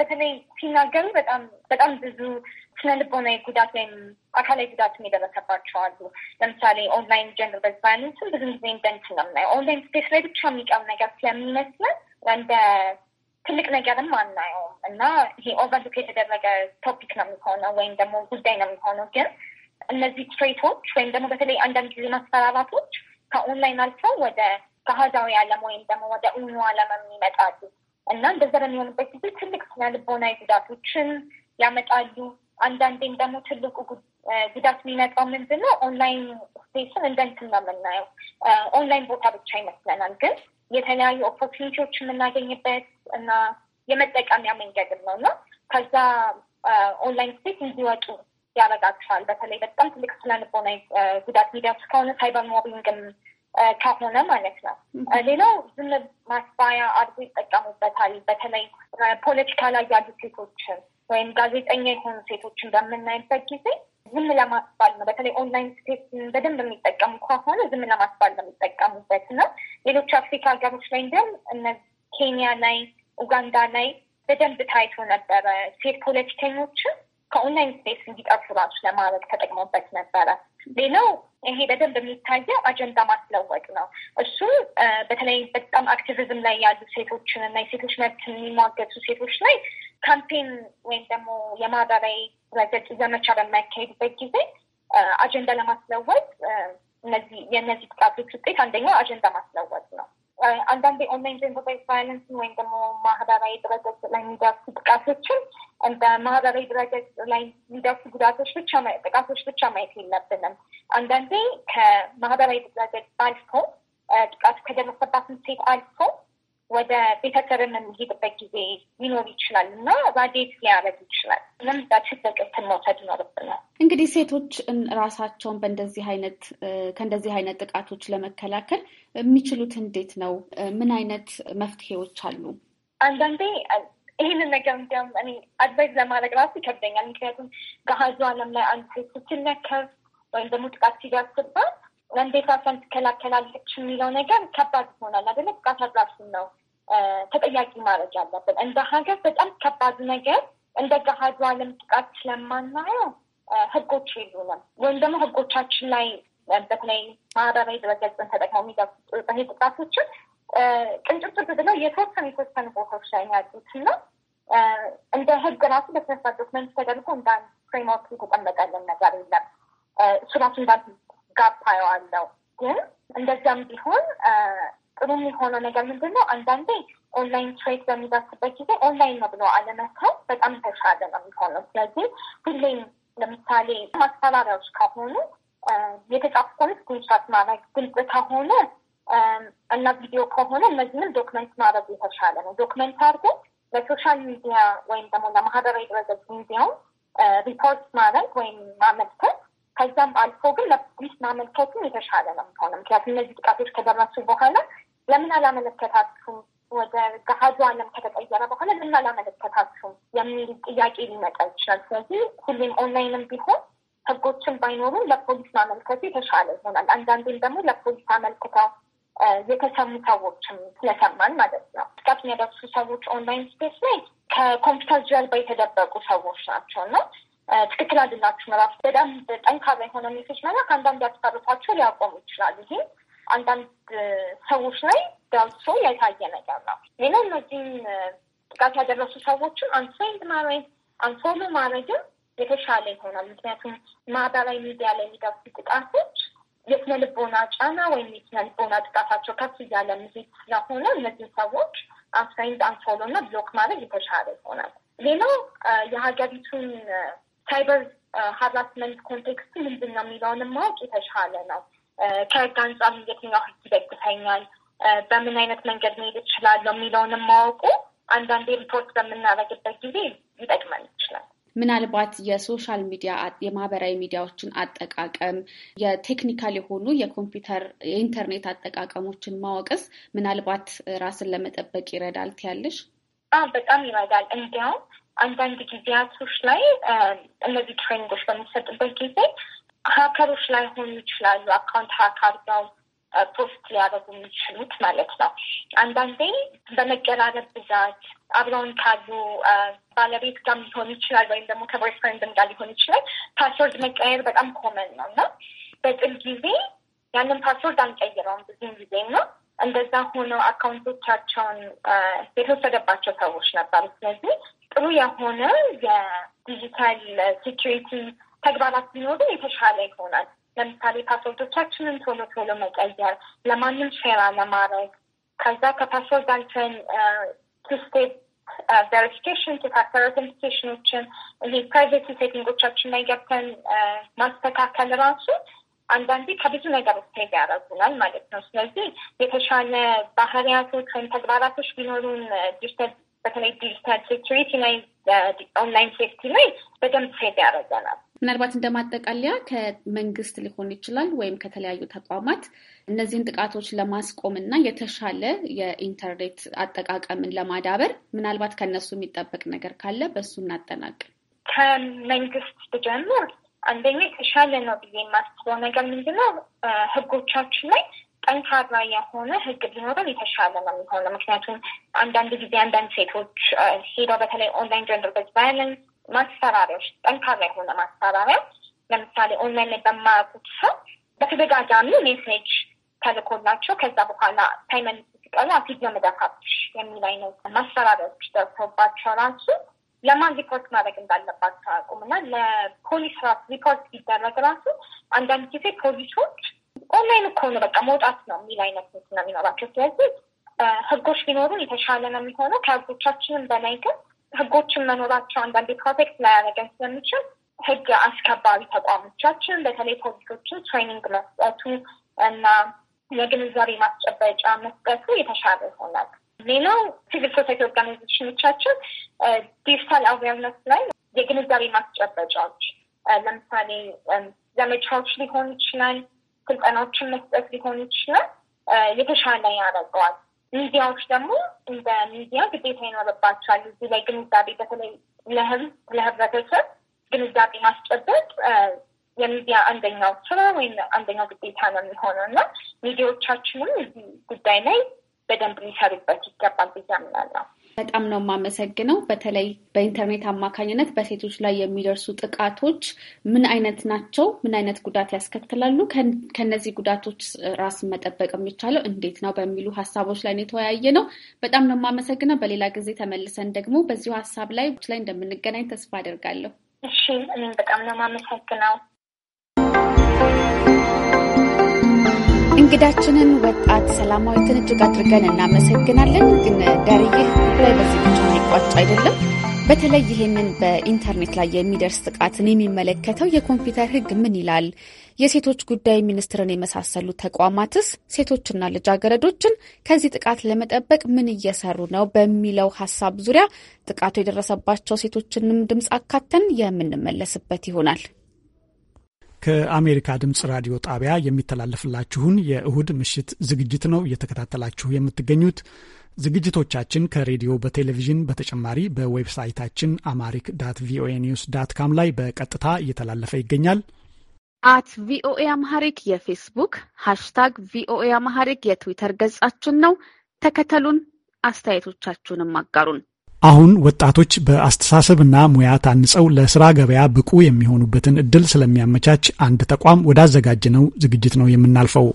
በተለይ ሲናገሩ በጣም በጣም ብዙ ስነ ልቦናዊ ጉዳት ወይም አካላዊ ጉዳትም የደረሰባቸው አሉ። ለምሳሌ ኦንላይን ጀንደር ቤዝ ቫዮለንስን ብዙ ጊዜ እንደንት ነው ኦንላይን ስፔስ ላይ ብቻ የሚቀር ነገር ስለሚመስለን እንደ ትልቅ ነገርም አናየውም እና ይሄ ኦቨርሉክ የተደረገ ቶፒክ ነው የሚሆነው ወይም ደግሞ ጉዳይ ነው የሚሆነው። ግን እነዚህ ትሬቶች ወይም ደግሞ በተለይ አንዳንድ ጊዜ ማስፈራራቶች ከኦንላይን አልፈው ወደ ከአህዳዊ ዓለም ወይም ደግሞ ወደ እኑ ዓለም የሚመጣሉ እና እንደዛ በሚሆንበት ጊዜ ትልቅ ስነ ልቦናዊ ጉዳቶችን ያመጣሉ። አንዳንዴም ደግሞ ትልቁ ጉዳት የሚመጣው ምንድን ነው? ኦንላይን ስፔስን ነው የምናየው ኦንላይን ቦታ ብቻ ይመስለናል ግን የተለያዩ ኦፖርቹኒቲዎች የምናገኝበት እና የመጠቀሚያ መንገድም ነው እና ከዛ ኦንላይን ስፔስ እንዲወጡ ያረጋቸዋል። በተለይ በጣም ትልቅ ስለንቦና ጉዳት ሚዲያዎች ከሆነ ሳይበር ሞቢንግም ከሆነ ማለት ነው። ሌላው ዝም ማስፋያ አድርጎ ይጠቀሙበታል። በተለይ ፖለቲካ ላይ ያሉ ሴቶችን ወይም ጋዜጠኛ የሆኑ ሴቶችን በምናይበት ጊዜ ዝም ለማስባል ነው። በተለይ ኦንላይን ስፔስ በደንብ የሚጠቀሙ ከሆነ ዝም ለማስባል ነው የሚጠቀሙበት እና ሌሎች አፍሪካ ሀገሮች ላይ እንዲያውም እነ ኬንያ ላይ፣ ኡጋንዳ ላይ በደንብ ታይቶ ነበረ። ሴት ፖለቲከኞችን ከኦንላይን ስፔስ እንዲጠፉ ራሱ ለማድረግ ተጠቅሞበት ነበረ። ሌላው ይሄ በደንብ የሚታየው አጀንዳ ማስለወጥ ነው። እሱ በተለይ በጣም አክቲቪዝም ላይ ያሉ ሴቶችን እና የሴቶች መብት የሚሟገቱ ሴቶች ላይ ካምፔን ወይም ደግሞ የማህበራዊ ረገጽ ዘመቻ በሚያካሄድበት ጊዜ አጀንዳ ለማስለወጥ እነዚህ የእነዚህ ጥቃቶች ውጤት አንደኛው አጀንዳ ማስለወጥ ነው። አንዳንዴ ኦንላይን ጀንደር ቤዝ ቫዮለንስን ወይም ደግሞ ማህበራዊ ድረገጽ ላይ የሚደርሱ ጥቃቶችን እንደ ማህበራዊ ድረገጽ ላይ የሚደርሱ ጉዳቶች ብቻ ጥቃቶች ብቻ ማየት የለብንም። አንዳንዴ ከማህበራዊ ድረገጽ አልፎ ጥቃቱ ከደረሰባትን ሴት አልፎ ወደ ቤተሰብም የሚሄድበት ጊዜ ሊኖር ይችላል እና ባዴት ሊያረግ ይችላል። ምንም በቅብትን መውሰድ ይኖርብናል። እንግዲህ ሴቶች ራሳቸውን በእንደዚህ አይነት ከእንደዚህ አይነት ጥቃቶች ለመከላከል የሚችሉት እንዴት ነው? ምን አይነት መፍትሄዎች አሉ? አንዳንዴ ይህንን ነገር እንዲያውም እኔ አድቫይዝ ለማድረግ ራሱ ይከብደኛል። ምክንያቱም ገሀዙ ዓለም ላይ አንድ ሴት ስትነከር ወይም ደግሞ ጥቃት ሲደርስባት እንዴት ራሷን ትከላከላለች የሚለው ነገር ከባድ ይሆናል አደለ? ጥቃት አድራሱን ነው ተጠያቂ ማድረግ ያለብን እንደ ሀገር በጣም ከባድ ነገር እንደ ገሃዱ ዓለም ጥቃት ስለማናየው ህጎች የሉንም ወይም ደግሞ ህጎቻችን ላይ በተለይ ማህበራዊ ድረገጽን ተጠቅመው የሚደርሱ ጥቃቶችን ቅንጭብጭብ ብለው የተወሰኑ የተወሰኑ ቦታዎች ላይ ያሉት እና እንደ ህግ ራሱ በተነሳ ዶክመንት ተደርጎ እንደ አንድ ፍሬምወርክ የተቀመጠልን ነገር የለም። እሱ ራሱ እንዳ ጋፓ የዋለው ግን እንደዚያም ቢሆን ጥሩ የሆነ ነገር ምንድን ነው? አንዳንዴ ኦንላይን ትሬድ በሚደርስበት ጊዜ ኦንላይን ነው ብሎ አለመተው በጣም ተሻለ ነው የሚሆነው። ስለዚህ ሁሌም ለምሳሌ ማስፈራሪያዎች ከሆኑ የተጻፉ ኮሚት ጉንሻት ማድረግ ግልጽ ከሆነ እና ቪዲዮ ከሆነ እነዚህንም ዶክመንት ማድረግ የተሻለ ነው። ዶክመንት አድርጎ ለሶሻል ሚዲያ ወይም ደግሞ ለማህበራዊ ድረገጽ ሚዲያውን ሪፖርት ማድረግ ወይም ማመልከት ከዛም አልፎ ግን ለፖሊስ ማመልከቱም የተሻለ ነው የሚሆነው። ምክንያቱም እነዚህ ጥቃቶች ከደረሱ በኋላ ለምን አላመለከታችሁም? ወደ ገሀዱ ዓለም ከተቀየረ በኋላ ለምን አላመለከታችሁም የሚል ጥያቄ ሊመጣ ይችላል። ስለዚህ ሁሌም ኦንላይንም ቢሆን ህጎችን ባይኖሩ ለፖሊስ ማመልከቱ የተሻለ ይሆናል። አንዳንዴም ደግሞ ለፖሊስ አመልክተው የተሰሙ ሰዎችም ስለሰማን ማለት ነው። ጥቃት የሚያደርሱ ሰዎች ኦንላይን ስፔስ ላይ ከኮምፒውተር ጀርባ የተደበቁ ሰዎች ናቸው እና ትክክል አይደላችሁም። መራፍ በጣም ጠንካራ የሆነ ሜሴጅ መላክ አንዳንድ ያስፈርቷቸው ሊያቆሙ ይችላል። ይህም አንዳንድ ሰዎች ላይ ዳብሶ የታየ ነገር ነው። ሌላ እነዚህም ጥቃት ያደረሱ ሰዎችን አንሳይንድ ማድረግ አንሶሎ ማድረግም የተሻለ ይሆናል። ምክንያቱም ማህበራዊ ሚዲያ ላይ የሚደርሱ ጥቃቶች የስነ ልቦና ጫና ወይም የስነ ልቦና ጥቃታቸው ከፍ እያለ ምዜት ስለሆነ እነዚህ ሰዎች አንሳይንድ አንሶሎ እና ብሎክ ማድረግ የተሻለ ይሆናል። ሌላው የሀገሪቱን ሳይበር ሀራስመንት ኮንቴክስት ምንድን ነው የሚለውንም ማወቅ የተሻለ ነው። ከህግ አንጻር የትኛው ህግ ይደግፈኛል፣ በምን አይነት መንገድ መሄድ እችላለሁ የሚለውንም ማወቁ አንዳንድ ሪፖርት በምናደርግበት ጊዜ ይጠቅመን ይችላል። ምናልባት የሶሻል ሚዲያ የማህበራዊ ሚዲያዎችን አጠቃቀም የቴክኒካል የሆኑ የኮምፒውተር የኢንተርኔት አጠቃቀሞችን ማወቅስ ምናልባት ራስን ለመጠበቅ ይረዳል ትያለሽ? በጣም ይረዳል። እንዲያውም አንዳንድ ጊዜያቶች ላይ እነዚህ ትሬኒንጎች በሚሰጥበት ጊዜ ሀከሮች ሆኑ ይችላሉ። አካውንት ሀክ አድርገው ፖስት ሊያደርጉ የሚችሉት ማለት ነው። አንዳንዴ በመቀራረብ ብዛት አብረውን ካሉ ባለቤት ጋር ሊሆን ይችላል፣ ወይም ደግሞ ከቦይፍሬንድም ጋር ሊሆን ይችላል። ፓስወርድ መቀየር በጣም ኮመን ነው እና በጥል ጊዜ ያንን ፓስወርድ አንቀይረውም ብዙም ጊዜ ነው። እንደዛ ሆኖ አካውንቶቻቸውን የተወሰደባቸው ሰዎች ነበሩ። ስለዚህ ጥሩ የሆነ የዲጂታል ሴኪሪቲ ተግባራት ቢኖሩ የተሻለ ይሆናል። ለምሳሌ ፓስወርዶቻችንን ቶሎ ቶሎ መቀየር፣ ለማንም ሼር አለማድረግ፣ ከዛ ከፓስወርድ አልፈን ቱስቴፕ ቬሪፊኬሽን ቱፋክተር ኦተንቲኬሽኖችን ይሄ ፕራይቬሲ ሴቲንጎቻችን ላይ ገብተን ማስተካከል ራሱ አንዳንዴ ከብዙ ነገር ስቴድ ያደረጉናል ማለት ነው። ስለዚህ የተሻለ ባህሪያቶች ወይም ተግባራቶች ቢኖሩን ዲጂታል በተለይ ዲጂታል ሴኪሪቲ ላይ ኦንላይን ሴፍቲ ላይ በደንብ ሴት ያደረገናል። ምናልባት እንደማጠቃለያ ከመንግስት ሊሆን ይችላል ወይም ከተለያዩ ተቋማት እነዚህን ጥቃቶች ለማስቆም እና የተሻለ የኢንተርኔት አጠቃቀምን ለማዳበር ምናልባት ከነሱ የሚጠበቅ ነገር ካለ በእሱ እናጠናቅ። ከመንግስት ብጀምር አንደኛ የተሻለ ነው ብዬ የማስበው ነገር ምንድነው ህጎቻችን ላይ ጠንካራ የሆነ ህግ ቢኖረን የተሻለ ነው የሚሆነ። ምክንያቱም አንዳንድ ጊዜ አንዳንድ ሴቶች ሄደው በተለይ ኦንላይን ጀንደር ቤዝ ቫዮለንስ ማስፈራሪያዎች፣ ጠንካራ የሆነ ማስፈራሪያ ለምሳሌ ኦንላይን ላይ በማያውቁት ሰው በተደጋጋሚ ሜሴጅ ተልኮላቸው ከዛ በኋላ ፔመንት ሲቀሩ አፊት ለመደፋች የሚል አይነት ማስፈራሪያዎች ደርሶባቸው ራሱ ለማን ሪፖርት ማድረግ እንዳለባቸው አያውቁም እና ለፖሊስ ራሱ ሪፖርት ሲደረግ ራሱ አንዳንድ ጊዜ ፖሊሶች ኦንላይን እኮ ነው በቃ መውጣት ነው የሚል አይነት ነው የሚኖራቸው። ስለዚህ ህጎች ቢኖሩን የተሻለ ነው የሚሆነው። ከህጎቻችንም በላይ ግን ህጎችን መኖራቸው አንዳንዴ ፕሮቴክት ላያደርገን ስለሚችል ህግ አስከባሪ ተቋሞቻችን በተለይ ፖሊሶችን ትሬኒንግ መስጠቱ እና የግንዛቤ ማስጨበጫ መስጠቱ የተሻለ ይሆናል። ሌላው ሲቪል ሶሳይቲ ኦርጋናይዜሽኖቻችን ዲጂታል አዌርነስ ላይ የግንዛቤ ማስጨበጫዎች ለምሳሌ ዘመቻዎች ሊሆን ይችላል ስልጠናዎችን መስጠት ሊሆን ይችላል የተሻለ ያደርገዋል። ሚዲያዎች ደግሞ እንደ ሚዲያ ግዴታ ይኖርባቸዋል። እዚህ ላይ ግንዛቤ በተለይ ለህዝብ ለህብረተሰብ ግንዛቤ ማስጨበጥ የሚዲያ አንደኛው ስራ ወይም አንደኛው ግዴታ ነው የሚሆነው እና ሚዲያዎቻችንም እዚህ ጉዳይ ላይ በደንብ ሊሰሩበት ይገባል ብዬ አምናለሁ። በጣም ነው የማመሰግነው። በተለይ በኢንተርኔት አማካኝነት በሴቶች ላይ የሚደርሱ ጥቃቶች ምን አይነት ናቸው? ምን አይነት ጉዳት ያስከትላሉ? ከነዚህ ጉዳቶች ራስን መጠበቅ የሚቻለው እንዴት ነው? በሚሉ ሀሳቦች ላይ የተወያየ ነው። በጣም ነው የማመሰግነው። በሌላ ጊዜ ተመልሰን ደግሞ በዚሁ ሀሳብ ላይ ላይ እንደምንገናኝ ተስፋ አደርጋለሁ። እሺ፣ እኔም በጣም ነው የማመሰግነው። እንግዳችንን ወጣት ሰላማዊትን እጅግ አድርገን እናመሰግናለን። ግን ዳርዬህ ላይ በዚህ ብቻ የሚቋጭ አይደለም። በተለይ ይህንን በኢንተርኔት ላይ የሚደርስ ጥቃትን የሚመለከተው የኮምፒውተር ሕግ ምን ይላል? የሴቶች ጉዳይ ሚኒስትርን የመሳሰሉ ተቋማትስ ሴቶችና ልጃገረዶችን ከዚህ ጥቃት ለመጠበቅ ምን እየሰሩ ነው? በሚለው ሀሳብ ዙሪያ ጥቃቱ የደረሰባቸው ሴቶችንም ድምፅ አካተን የምንመለስበት ይሆናል። ከአሜሪካ ድምፅ ራዲዮ ጣቢያ የሚተላለፍላችሁን የእሁድ ምሽት ዝግጅት ነው እየተከታተላችሁ የምትገኙት። ዝግጅቶቻችን ከሬዲዮ በቴሌቪዥን በተጨማሪ በዌብሳይታችን አማሪክ ዳት ቪኦኤ ኒውስ ዳት ካም ላይ በቀጥታ እየተላለፈ ይገኛል። አት ቪኦኤ አማሐሪክ የፌስቡክ ሃሽታግ ቪኦኤ አማሐሪክ የትዊተር ገጻችን ነው። ተከተሉን፣ አስተያየቶቻችሁንም አጋሩን። አሁን ወጣቶች በአስተሳሰብና ሙያ ታንጸው ለስራ ገበያ ብቁ የሚሆኑበትን እድል ስለሚያመቻች አንድ ተቋም ነው ዝግጅት ነው የምናልፈው።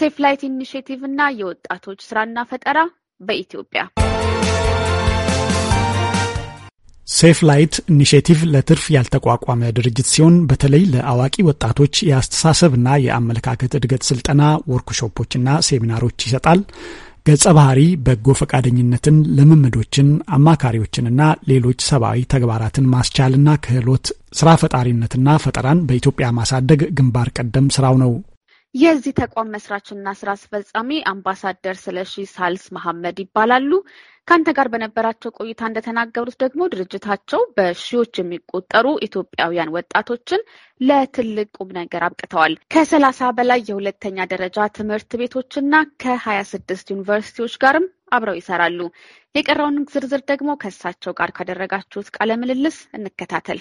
ሴፍ ላይት ኢኒሽቲቭ እና የወጣቶች ስራና ፈጠራ በኢትዮጵያ ሴፍ ላይት ኢኒሽቲቭ ለትርፍ ያልተቋቋመ ድርጅት ሲሆን በተለይ ለአዋቂ ወጣቶች የአስተሳሰብና የአመለካከት እድገት ስልጠና፣ ወርክሾፖችና ሴሚናሮች ይሰጣል። ገጸ ባህሪ በጎ ፈቃደኝነትን፣ ልምምዶችን፣ አማካሪዎችንና ሌሎች ሰብአዊ ተግባራትን ማስቻልና ክህሎት፣ ስራ ፈጣሪነትና ፈጠራን በኢትዮጵያ ማሳደግ ግንባር ቀደም ስራው ነው። የዚህ ተቋም መስራችና ስራ አስፈጻሚ አምባሳደር ስለሺ ሳልስ መሐመድ ይባላሉ። ከአንተ ጋር በነበራቸው ቆይታ እንደተናገሩት ደግሞ ድርጅታቸው በሺዎች የሚቆጠሩ ኢትዮጵያውያን ወጣቶችን ለትልቅ ቁም ነገር አብቅተዋል። ከሰላሳ በላይ የሁለተኛ ደረጃ ትምህርት ቤቶችና ከሀያ ስድስት ዩኒቨርሲቲዎች ጋርም አብረው ይሰራሉ። የቀረውን ዝርዝር ደግሞ ከእሳቸው ጋር ካደረጋችሁት ቃለ ምልልስ እንከታተል።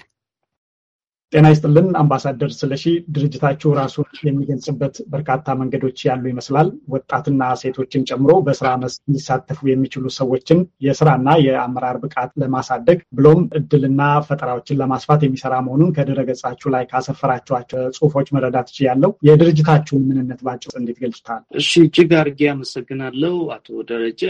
ጤና ይስጥልን አምባሳደር ስለሺ፣ ድርጅታችሁ ራሱን የሚገልጽበት በርካታ መንገዶች ያሉ ይመስላል። ወጣትና ሴቶችን ጨምሮ በስራ መስክ ሊሳተፉ የሚችሉ ሰዎችን የስራና የአመራር ብቃት ለማሳደግ ብሎም እድልና ፈጠራዎችን ለማስፋት የሚሰራ መሆኑን ከድረገጻችሁ ላይ ካሰፈራችኋቸው ጽሁፎች መረዳት እችላለሁ። የድርጅታችሁን ምንነት ባጭሩ እንዴት ገልጹታል? እሺ፣ እጅግ አድርጌ አመሰግናለሁ አቶ ደረጀ።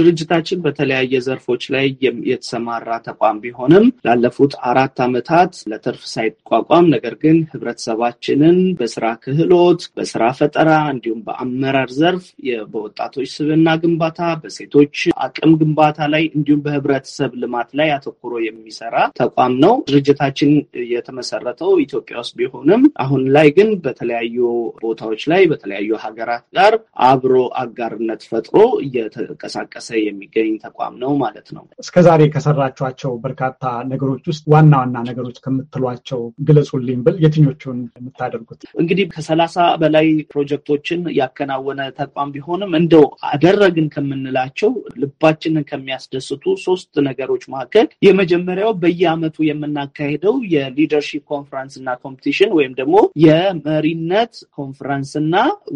ድርጅታችን በተለያየ ዘርፎች ላይ የተሰማራ ተቋም ቢሆንም ላለፉት አራት ዓመታት ለትርፍ ሳይቋቋም ነገር ግን ህብረተሰባችንን በስራ ክህሎት፣ በስራ ፈጠራ እንዲሁም በአመራር ዘርፍ በወጣቶች ስብና ግንባታ፣ በሴቶች አቅም ግንባታ ላይ እንዲሁም በህብረተሰብ ልማት ላይ አተኩሮ የሚሰራ ተቋም ነው። ድርጅታችን የተመሰረተው ኢትዮጵያ ውስጥ ቢሆንም አሁን ላይ ግን በተለያዩ ቦታዎች ላይ በተለያዩ ሀገራት ጋር አብሮ አጋርነት ፈጥሮ እየተንቀሳቀሰ የሚገኝ ተቋም ነው ማለት ነው። እስከዛሬ ከሰራችኋቸው በርካታ ነገሮች ውስጥ ዋና ዋና ነገሮች ከምትሏቸው ናቸው ግለጹልኝ ብል የትኞቹን የምታደርጉት? እንግዲህ ከሰላሳ በላይ ፕሮጀክቶችን ያከናወነ ተቋም ቢሆንም እንደው አደረግን ከምንላቸው ልባችንን ከሚያስደስቱ ሶስት ነገሮች መካከል የመጀመሪያው በየአመቱ የምናካሄደው የሊደርሺፕ ኮንፈረንስ እና ኮምፒቲሽን ወይም ደግሞ የመሪነት ኮንፈረንስ እና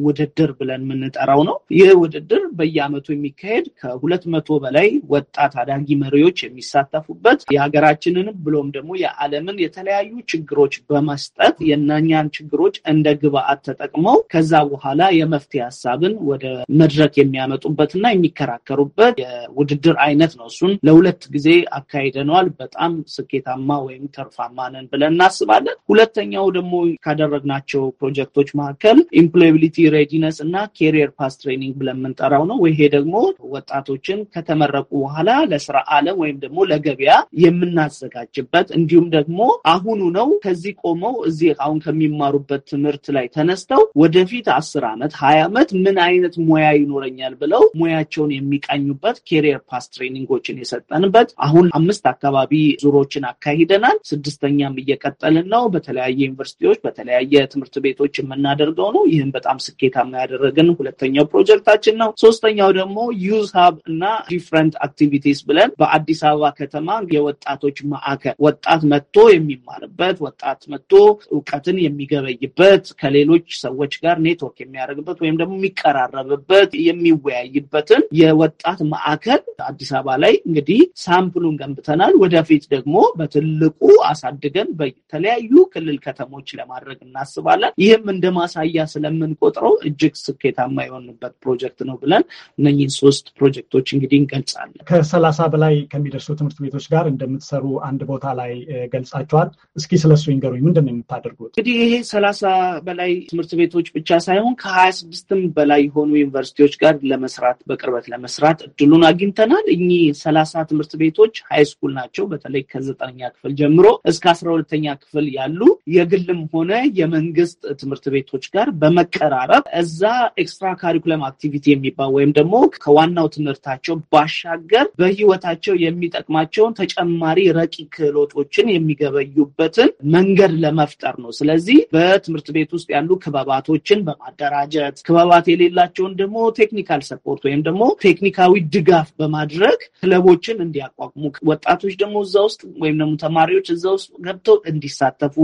ውድድር ብለን የምንጠራው ነው። ይህ ውድድር በየአመቱ የሚካሄድ ከሁለት መቶ በላይ ወጣት አዳጊ መሪዎች የሚሳተፉበት የሀገራችንን ብሎም ደግሞ የዓለምን የተለያዩ ችግሮች በመስጠት የእነኛን ችግሮች እንደ ግብአት ተጠቅመው ከዛ በኋላ የመፍትሄ ሀሳብን ወደ መድረክ የሚያመጡበትና የሚከራከሩበት የውድድር አይነት ነው። እሱን ለሁለት ጊዜ አካሂደነዋል። በጣም ስኬታማ ወይም ተርፋማ ነን ብለን እናስባለን። ሁለተኛው ደግሞ ካደረግናቸው ፕሮጀክቶች መካከል ኢምፕሎያቢሊቲ ሬዲነስ እና ኬሪየር ፓስ ትሬኒንግ ብለን የምንጠራው ነው። ይሄ ደግሞ ወጣቶችን ከተመረቁ በኋላ ለስራ አለም ወይም ደግሞ ለገበያ የምናዘጋጅበት እንዲሁም ደግሞ አሁኑ ነው። ከዚህ ቆመው እዚህ አሁን ከሚማሩበት ትምህርት ላይ ተነስተው ወደፊት አስር ዓመት ሀያ ዓመት ምን አይነት ሙያ ይኖረኛል ብለው ሙያቸውን የሚቃኙበት ኬሪየር ፓስ ትሬኒንጎችን የሰጠንበት አሁን አምስት አካባቢ ዙሮችን አካሂደናል። ስድስተኛም እየቀጠልን ነው። በተለያየ ዩኒቨርሲቲዎች በተለያየ ትምህርት ቤቶች የምናደርገው ነው። ይህም በጣም ስኬታማ ያደረግን ሁለተኛው ፕሮጀክታችን ነው። ሶስተኛው ደግሞ ዩዝ ሀብ እና ዲፍረንት አክቲቪቲስ ብለን በአዲስ አበባ ከተማ የወጣቶች ማዕከል ወጣት መጥቶ የሚማርበት የሚያደርግበት ወጣት መጥቶ እውቀትን የሚገበይበት ከሌሎች ሰዎች ጋር ኔትወርክ የሚያደርግበት ወይም ደግሞ የሚቀራረብበት የሚወያይበትን የወጣት ማዕከል አዲስ አበባ ላይ እንግዲህ ሳምፕሉን ገንብተናል። ወደፊት ደግሞ በትልቁ አሳድገን በተለያዩ ክልል ከተሞች ለማድረግ እናስባለን። ይህም እንደ ማሳያ ስለምንቆጥረው እጅግ ስኬታማ የሆንበት ፕሮጀክት ነው ብለን እነኝህን ሶስት ፕሮጀክቶች እንግዲህ እንገልጻለን። ከሰላሳ በላይ ከሚደርሱ ትምህርት ቤቶች ጋር እንደምትሰሩ አንድ ቦታ ላይ ገልጻቸዋል። እስኪ እሱ ይንገሩኝ። ምንድን ነው የምታደርጉት? እንግዲህ ይሄ ሰላሳ በላይ ትምህርት ቤቶች ብቻ ሳይሆን ከሀያ ስድስትም በላይ የሆኑ ዩኒቨርሲቲዎች ጋር ለመስራት በቅርበት ለመስራት እድሉን አግኝተናል። እኚህ ሰላሳ ትምህርት ቤቶች ሃይስኩል ናቸው። በተለይ ከዘጠነኛ ክፍል ጀምሮ እስከ አስራ ሁለተኛ ክፍል ያሉ የግልም ሆነ የመንግስት ትምህርት ቤቶች ጋር በመቀራረብ እዛ ኤክስትራ ካሪኩለም አክቲቪቲ የሚባል ወይም ደግሞ ከዋናው ትምህርታቸው ባሻገር በህይወታቸው የሚጠቅማቸውን ተጨማሪ ረቂቅ ክህሎቶችን የሚገበዩበት የሚችሉበትን መንገድ ለመፍጠር ነው። ስለዚህ በትምህርት ቤት ውስጥ ያሉ ክበባቶችን በማደራጀት ክበባት የሌላቸውን ደግሞ ቴክኒካል ሰፖርት ወይም ደግሞ ቴክኒካዊ ድጋፍ በማድረግ ክለቦችን እንዲያቋቁሙ ወጣቶች ደግሞ እዛ ውስጥ ወይም ደግሞ ተማሪዎች እዛ ውስጥ ገብተው እንዲሳተፉ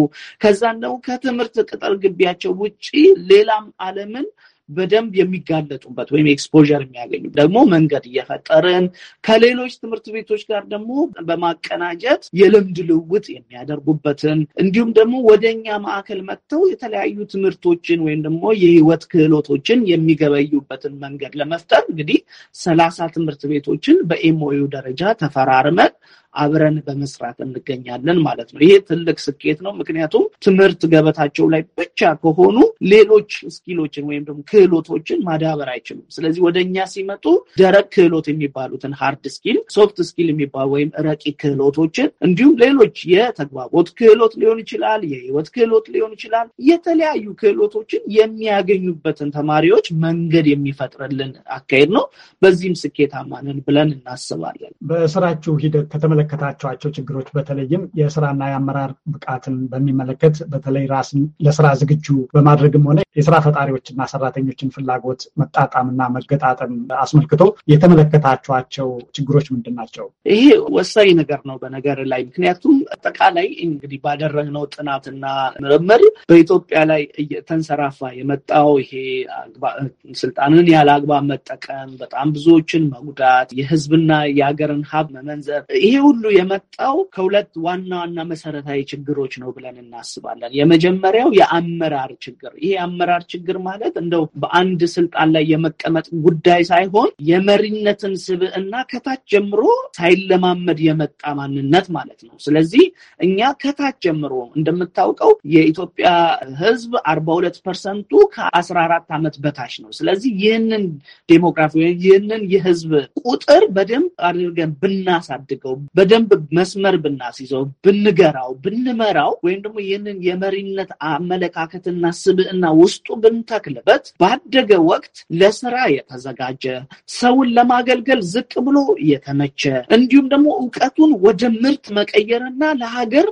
ከዛም ደግሞ ከትምህርት ቅጥር ግቢያቸው ውጭ ሌላም ዓለምን በደንብ የሚጋለጡበት ወይም ኤክስፖዠር የሚያገኙ ደግሞ መንገድ እየፈጠርን ከሌሎች ትምህርት ቤቶች ጋር ደግሞ በማቀናጀት የልምድ ልውውጥ የሚያደርጉበትን እንዲሁም ደግሞ ወደኛ ማዕከል መጥተው የተለያዩ ትምህርቶችን ወይም ደግሞ የህይወት ክህሎቶችን የሚገበዩበትን መንገድ ለመፍጠር እንግዲህ ሰላሳ ትምህርት ቤቶችን በኤምኦዩ ደረጃ ተፈራርመን አብረን በመስራት እንገኛለን ማለት ነው። ይህ ትልቅ ስኬት ነው። ምክንያቱም ትምህርት ገበታቸው ላይ ብቻ ከሆኑ ሌሎች ስኪሎችን ወይም ደግሞ ክህሎቶችን ማዳበር አይችሉም። ስለዚህ ወደ እኛ ሲመጡ ደረቅ ክህሎት የሚባሉትን ሃርድ ስኪል፣ ሶፍት ስኪል የሚባሉ ወይም ረቂ ክህሎቶችን እንዲሁም ሌሎች የተግባቦት ክህሎት ሊሆን ይችላል፣ የህይወት ክህሎት ሊሆን ይችላል። የተለያዩ ክህሎቶችን የሚያገኙበትን ተማሪዎች መንገድ የሚፈጥርልን አካሄድ ነው። በዚህም ስኬታማ ነን ብለን እናስባለን። በስራችሁ ሂደት ከተመለ ከሚመለከታቸዋቸው ችግሮች በተለይም የስራና የአመራር ብቃትን በሚመለከት በተለይ ራስን ለስራ ዝግጁ በማድረግም ሆነ የስራ ፈጣሪዎችና ሰራተኞችን ፍላጎት መጣጣምና መገጣጠም አስመልክቶ የተመለከታቸዋቸው ችግሮች ምንድን ናቸው? ይሄ ወሳኝ ነገር ነው በነገር ላይ ምክንያቱም አጠቃላይ እንግዲህ ባደረግነው ጥናትና ምርምር በኢትዮጵያ ላይ እየተንሰራፋ የመጣው ይሄ ስልጣንን ያለ አግባብ መጠቀም፣ በጣም ብዙዎችን መጉዳት፣ የህዝብና የሀገርን ሀብ መመንዘር ይሄ ሁሉ የመጣው ከሁለት ዋና ዋና መሰረታዊ ችግሮች ነው ብለን እናስባለን። የመጀመሪያው የአመራር ችግር። ይሄ የአመራር ችግር ማለት እንደው በአንድ ስልጣን ላይ የመቀመጥ ጉዳይ ሳይሆን የመሪነትን ስብዕና ከታች ጀምሮ ሳይለማመድ የመጣ ማንነት ማለት ነው። ስለዚህ እኛ ከታች ጀምሮ እንደምታውቀው የኢትዮጵያ ሕዝብ አርባ ሁለት ፐርሰንቱ ከአስራ አራት ዓመት በታች ነው። ስለዚህ ይህንን ዴሞግራፊ ወይም ይህንን የህዝብ ቁጥር በደንብ አድርገን ብናሳድገው በደንብ መስመር ብናስይዘው፣ ብንገራው፣ ብንመራው ወይም ደግሞ ይህንን የመሪነት አመለካከትና ስብዕና ውስጡ ብንተክልበት ባደገ ወቅት ለስራ የተዘጋጀ ሰውን ለማገልገል ዝቅ ብሎ የተመቸ እንዲሁም ደግሞ እውቀቱን ወደ ምርት መቀየርና ለሀገር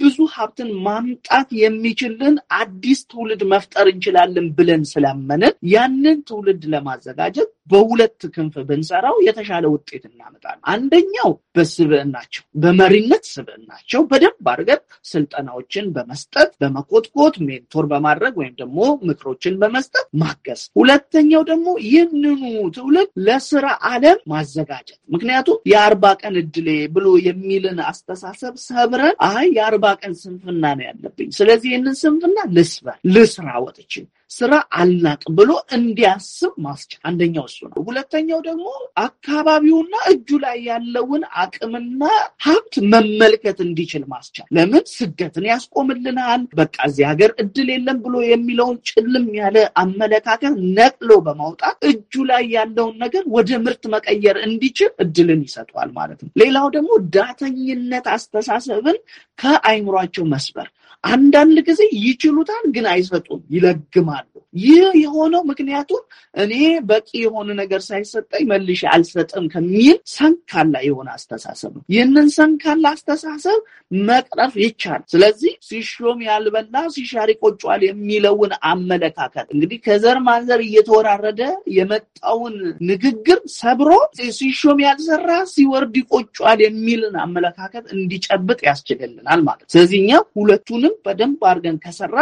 ብዙ ሀብትን ማምጣት የሚችልን አዲስ ትውልድ መፍጠር እንችላለን ብለን ስላመንን ያንን ትውልድ ለማዘጋጀት በሁለት ክንፍ ብንሰራው የተሻለ ውጤት እናመጣለን። አንደኛው በስብዕናቸው በመሪነት ስብዕናቸው በደንብ አድርገን ስልጠናዎችን በመስጠት በመኮትኮት ሜንቶር በማድረግ ወይም ደግሞ ምክሮችን በመስጠት ማገዝ። ሁለተኛው ደግሞ ይህንኑ ትውልድ ለስራ ዓለም ማዘጋጀት። ምክንያቱም የአርባ ቀን እድሌ ብሎ የሚልን አስተሳሰብ ሰብረን አይ አርባ ቀን ስንፍና ነው ያለብኝ። ስለዚህ ይህንን ስንፍና ልስበር፣ ልስራ ወጥቼ ስራ አልናቅ ብሎ እንዲያስብ ማስቻል አንደኛው እሱ ነው። ሁለተኛው ደግሞ አካባቢውና እጁ ላይ ያለውን አቅምና ሀብት መመልከት እንዲችል ማስቻል። ለምን ስደትን ያስቆምልናል፣ በቃ እዚህ ሀገር እድል የለም ብሎ የሚለውን ጭልም ያለ አመለካከት ነቅሎ በማውጣት እጁ ላይ ያለውን ነገር ወደ ምርት መቀየር እንዲችል እድልን ይሰጠዋል ማለት ነው። ሌላው ደግሞ ዳተኝነት አስተሳሰብን ከአይምሯቸው መስበር አንዳንድ ጊዜ ይችሉታል፣ ግን አይሰጡም፣ ይለግማሉ። ይህ የሆነው ምክንያቱም እኔ በቂ የሆነ ነገር ሳይሰጠኝ መልሼ አልሰጥም ከሚል ሰንካላ የሆነ አስተሳሰብ ነው። ይህንን ሰንካላ አስተሳሰብ መቅረፍ ይቻላል። ስለዚህ ሲሾም ያልበላ ሲሻሪ ቆጫል የሚለውን አመለካከት እንግዲህ ከዘር ማንዘር እየተወራረደ የመጣውን ንግግር ሰብሮ ሲሾም ያልሰራ ሲወርድ ይቆጫል የሚልን አመለካከት እንዲጨብጥ ያስችልልናል ማለት ስለዚህ እኛ ሁለቱንም በደንብ በደንብ አድርገን ከሰራ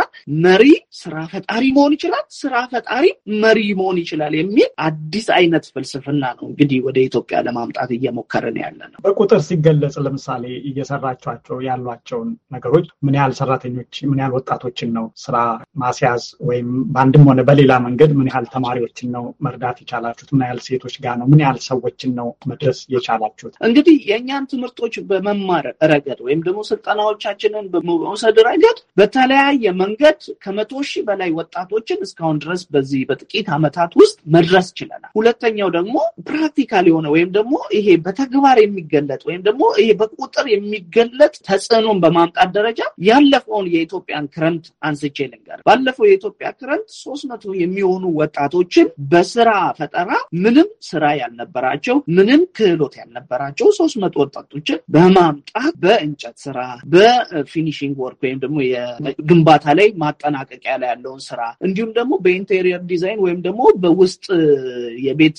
መሪ ስራ ፈጣሪ መሆን ይችላል፣ ስራ ፈጣሪ መሪ መሆን ይችላል የሚል አዲስ አይነት ፍልስፍና ነው እንግዲህ ወደ ኢትዮጵያ ለማምጣት እየሞከርን ያለ ነው። በቁጥር ሲገለጽ ለምሳሌ እየሰራቸቸው ያሏቸውን ነገሮች ምን ያህል ሰራተኞች፣ ምን ያህል ወጣቶችን ነው ስራ ማስያዝ ወይም በአንድም ሆነ በሌላ መንገድ ምን ያህል ተማሪዎችን ነው መርዳት የቻላችሁት? ምን ያህል ሴቶች ጋር ነው? ምን ያህል ሰዎችን ነው መድረስ የቻላችሁት? እንግዲህ የእኛን ትምህርቶች በመማር ረገድ ወይም ደግሞ ስልጠናዎቻችንን በመውሰድ ራይ መንገድ በተለያየ መንገድ ከመቶ ሺህ በላይ ወጣቶችን እስካሁን ድረስ በዚህ በጥቂት ዓመታት ውስጥ መድረስ ችለናል። ሁለተኛው ደግሞ ፕራክቲካል የሆነ ወይም ደግሞ ይሄ በተግባር የሚገለጥ ወይም ደግሞ ይሄ በቁጥር የሚገለጥ ተጽዕኖን በማምጣት ደረጃ ያለፈውን የኢትዮጵያን ክረምት አንስቼ ልንገር። ባለፈው የኢትዮጵያ ክረምት ሶስት መቶ የሚሆኑ ወጣቶችን በስራ ፈጠራ ምንም ስራ ያልነበራቸው ምንም ክህሎት ያልነበራቸው ሶስት መቶ ወጣቶችን በማምጣት በእንጨት ስራ፣ በፊኒሽንግ ወርክ ወይም ደግሞ የግንባታ ላይ ማጠናቀቂያ ላይ ያለውን ስራ እንዲሁም ደግሞ በኢንቴሪየር ዲዛይን ወይም ደግሞ በውስጥ የቤት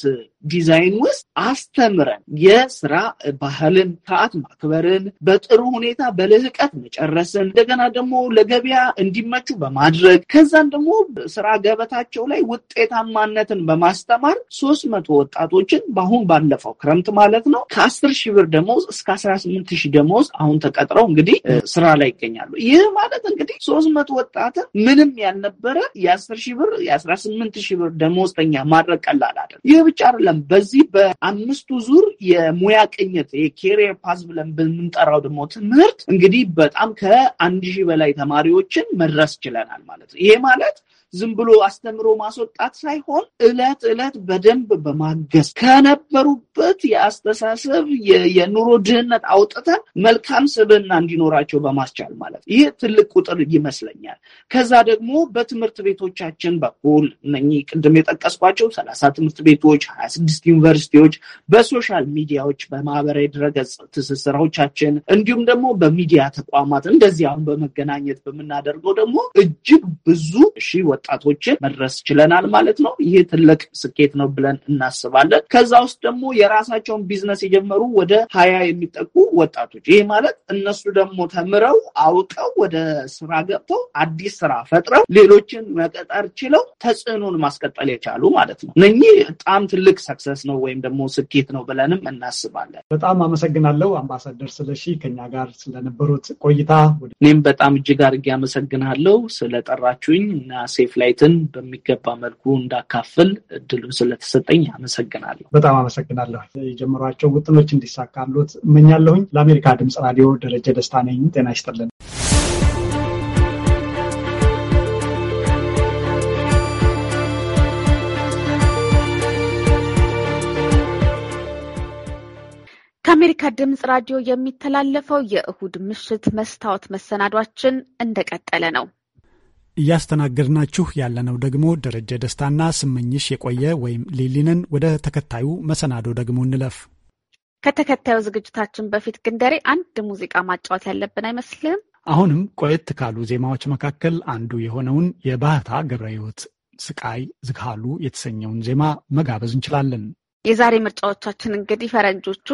ዲዛይን ውስጥ አስተምረን የስራ ባህልን፣ ሰዓት ማክበርን በጥሩ ሁኔታ በልህቀት መጨረስን እንደገና ደግሞ ለገበያ እንዲመቹ በማድረግ ከዛን ደግሞ ስራ ገበታቸው ላይ ውጤታማነትን በማስተማር ሶስት መቶ ወጣቶችን በአሁን ባለፈው ክረምት ማለት ነው ከአስር ሺህ ብር ደሞዝ እስከ አስራ ስምንት ሺህ ደሞዝ አሁን ተቀጥረው እንግዲህ ስራ ላይ ይገኛሉ። ይህ ማለት እንግዲህ ሶስት መቶ ወጣትን ምንም ያልነበረ የአስር ሺህ ብር የአስራ ስምንት ሺህ ብር ደሞዝተኛ ማድረግ ቀላል አይደለም። ይህ ብቻ አይደለም ብለን በዚህ በአምስቱ ዙር የሙያ ቅኝት የኬሪየር ፓዝ ብለን በምንጠራው ደግሞ ትምህርት እንግዲህ በጣም ከአንድ ሺህ በላይ ተማሪዎችን መድረስ ችለናል ማለት ነው። ይሄ ማለት ዝም ብሎ አስተምሮ ማስወጣት ሳይሆን እለት እለት በደንብ በማገዝ ከነበሩበት የአስተሳሰብ የኑሮ ድህነት አውጥተን መልካም ስብዕና እንዲኖራቸው በማስቻል ማለት ይህ ትልቅ ቁጥር ይመስለኛል። ከዛ ደግሞ በትምህርት ቤቶቻችን በኩል እነኚህ ቅድም የጠቀስኳቸው ሰላሳ ትምህርት ቤቶች፣ ሀያ ስድስት ዩኒቨርሲቲዎች በሶሻል ሚዲያዎች፣ በማህበራዊ ድረገጽ ትስስራዎቻችን እንዲሁም ደግሞ በሚዲያ ተቋማት እንደዚህ አሁን በመገናኘት በምናደርገው ደግሞ እጅግ ብዙ ሺህ ወጣቶችን መድረስ ችለናል ማለት ነው። ይህ ትልቅ ስኬት ነው ብለን እናስባለን። ከዛ ውስጥ ደግሞ የራሳቸውን ቢዝነስ የጀመሩ ወደ ሀያ የሚጠጉ ወጣቶች ይሄ ማለት እነሱ ደግሞ ተምረው አውቀው ወደ ስራ ገብተው አዲስ ስራ ፈጥረው ሌሎችን መቀጠር ችለው ተጽዕኖን ማስቀጠል የቻሉ ማለት ነው። እነኚህ በጣም ትልቅ ሰክሰስ ነው ወይም ደግሞ ስኬት ነው ብለንም እናስባለን። በጣም አመሰግናለሁ አምባሳደር ስለሺ ከኛ ጋር ስለነበሩት ቆይታ። እኔም በጣም እጅግ አድርጌ አመሰግናለሁ ስለጠራችሁኝ እና ሴፍ ላይትን በሚገባ መልኩ እንዳካፍል እድሉን ስለተሰጠኝ አመሰግናለሁ። በጣም አመሰግናለሁ። የጀመሯቸው ውጥኖች እንዲሳካሉት እመኛለሁኝ። ለአሜሪካ ድምፅ ራዲዮ ደረጀ ደስታ ነኝ። ጤና ይስጥልን። ከአሜሪካ ድምፅ ራዲዮ የሚተላለፈው የእሁድ ምሽት መስታወት መሰናዷችን እንደቀጠለ ነው። እያስተናገድናችሁ ያለነው ደግሞ ደረጀ ደስታና ስመኝሽ የቆየ ወይም ሊሊንን። ወደ ተከታዩ መሰናዶ ደግሞ እንለፍ። ከተከታዩ ዝግጅታችን በፊት ግንደሬ አንድ ሙዚቃ ማጫወት ያለብን አይመስልም? አሁንም ቆየት ካሉ ዜማዎች መካከል አንዱ የሆነውን የባህታ ገብረ ሕይወት ስቃይ ዝካሉ የተሰኘውን ዜማ መጋበዝ እንችላለን። የዛሬ ምርጫዎቻችን እንግዲህ ፈረንጆቹ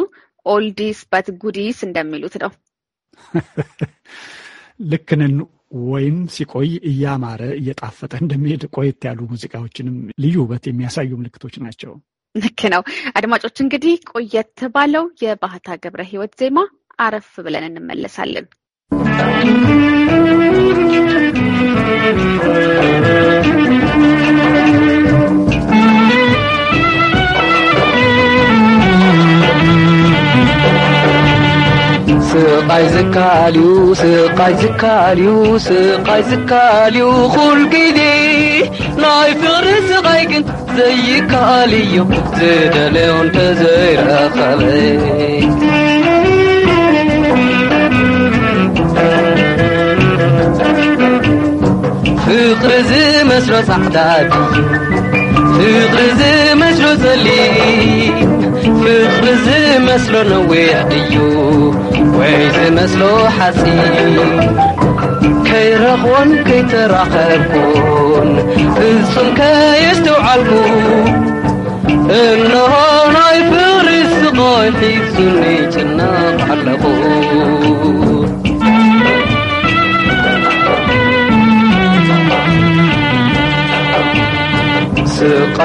ኦልዲስ በት ጉዲስ እንደሚሉት ነው። [LAUGHS] ልክንን ወይም ሲቆይ እያማረ እየጣፈጠ እንደሚሄድ ቆየት ያሉ ሙዚቃዎችንም ልዩ ውበት የሚያሳዩ ምልክቶች ናቸው። ልክ ነው። አድማጮች እንግዲህ ቆየት ባለው የባህታ ገብረ ሕይወት ዜማ አረፍ ብለን እንመለሳለን። ስቃይ ዝካልዩ ስቃይ ዝካልዩ ስቃይ ዝካልዩ ኩል ግዜ ናይ ፍቕሪ ስቃይ ግን ዘይከኣል እዩ ዝደለዮ እንተዘይረኸበ ፍቕሪ ዝመስሎ ፃዕዳ ፍቕሪ ዝመስሎ ዘሊ ፍቅሪ ዝመስሎ ነዊሕ ድዩ ወይ ዝመስሎ ሓፂን ከይረኽቦን ከይተራኸብኩን እሱም ከየስተውዓልኩ እንሆ ናይ ፍቅሪ ስቆይ ሒዙኒ ጭናቕ ኣለኹ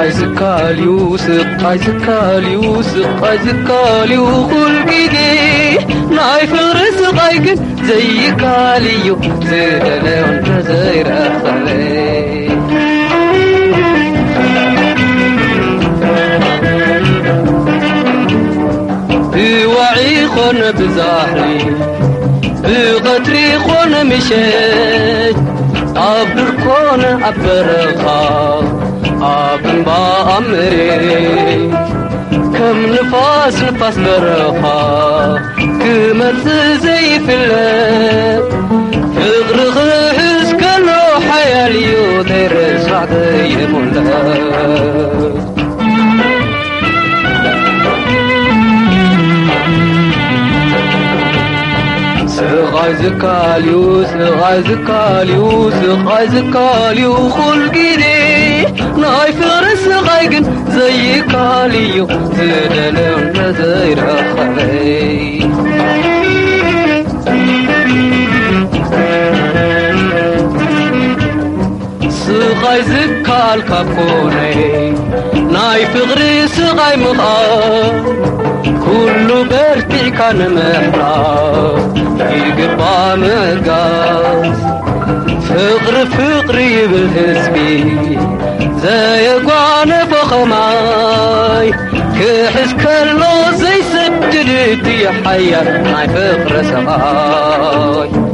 عايزك على يوسف عايزك على يوسف عايزك على وخلقي نايف الرزق عايقن زيك عليو زيد انا وانت زير اخلي بوعي خون بزهري بقدري خون مشيت عبر كون عبر الخاطر أبن با أمري كم نفاس نفاس برحا كم زي في الليل في حزك حيالي حيا دير سعدي مولاد غازق اليوس غازق اليوس غازق اليو خلقني نايف رس غاقن زي كاليو زدلم نزير خبي ስቓይ ዝከኣል ካብ ኮነ ናይ ፍቕሪ ስቓይ كله بيرتي كان محراب يقبع مقاس فقر فقري بالهزبي زي قوان بخماي كحس كله زي سبدلتي حير معي فقر سماي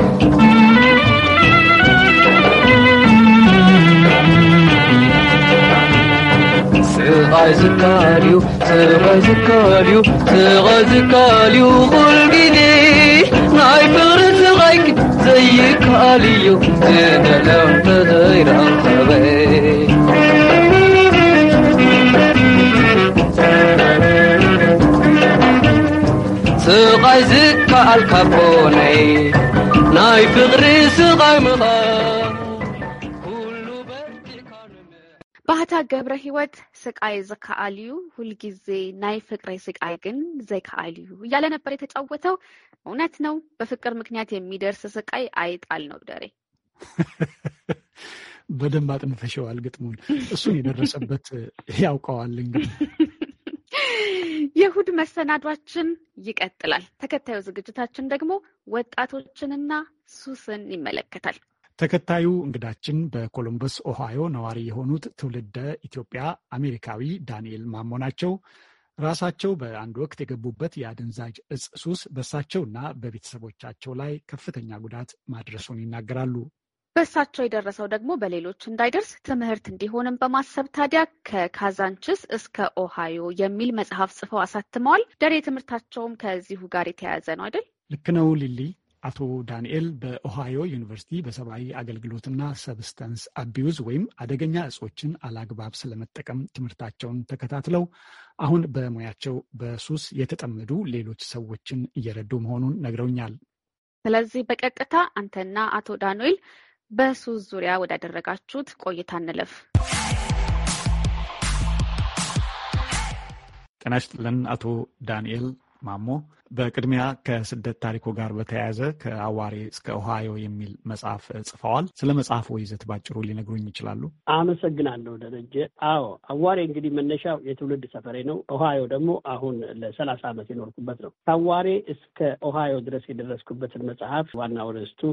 غزكاليو سغزكاليو سغزكاليو قلبي نايف رزقك زيك عليو زين لو تغير أخبي سغاي الكابوني نايف غريس غاي مغار ባህታ ገብረ ህይወት ስቃይ ዘከአልዩ ሁልጊዜ ናይ ፍቅሬ ስቃይ ግን ዘይከአልዩ እያለ ነበር የተጫወተው። እውነት ነው። በፍቅር ምክንያት የሚደርስ ስቃይ አይጣል ነው ደሬ። [LAUGHS] በደንብ አጥንተሸዋል ግጥሙን። እሱን የደረሰበት [LAUGHS] ያውቀዋል። እንግዲህ የእሑድ መሰናዷችን ይቀጥላል። ተከታዩ ዝግጅታችን ደግሞ ወጣቶችንና ሱስን ይመለከታል። ተከታዩ እንግዳችን በኮሎምበስ ኦሃዮ ነዋሪ የሆኑት ትውልደ ኢትዮጵያ አሜሪካዊ ዳንኤል ማሞ ናቸው። ራሳቸው በአንድ ወቅት የገቡበት የአደንዛዥ እጽ ሱስ በእሳቸውና በቤተሰቦቻቸው ላይ ከፍተኛ ጉዳት ማድረሱን ይናገራሉ። በእሳቸው የደረሰው ደግሞ በሌሎች እንዳይደርስ ትምህርት እንዲሆንም በማሰብ ታዲያ ከካዛንችስ እስከ ኦሃዮ የሚል መጽሐፍ ጽፈው አሳትመዋል። ደሬ ትምህርታቸውም ከዚሁ ጋር የተያያዘ ነው አይደል? ልክ ነው ሊሊ። አቶ ዳንኤል በኦሃዮ ዩኒቨርሲቲ በሰብአዊ አገልግሎትና ሰብስተንስ አቢዩዝ ወይም አደገኛ እጾችን አላግባብ ስለመጠቀም ትምህርታቸውን ተከታትለው አሁን በሙያቸው በሱስ የተጠመዱ ሌሎች ሰዎችን እየረዱ መሆኑን ነግረውኛል። ስለዚህ በቀጥታ አንተና አቶ ዳንኤል በሱስ ዙሪያ ወዳደረጋችሁት ቆይታ እንለፍ። ጤና ይስጥልን አቶ ዳንኤል። ማሞ በቅድሚያ ከስደት ታሪኮ ጋር በተያያዘ ከአዋሬ እስከ ኦሃዮ የሚል መጽሐፍ ጽፈዋል። ስለ መጽሐፉ ይዘት ባጭሩ ሊነግሩኝ ይችላሉ? አመሰግናለሁ ደረጀ። አዎ አዋሬ እንግዲህ መነሻው የትውልድ ሰፈሬ ነው። ኦሃዮ ደግሞ አሁን ለሰላሳ ዓመት የኖርኩበት ነው። ከአዋሬ እስከ ኦሃዮ ድረስ የደረስኩበትን መጽሐፍ ዋናው ርዕስቱ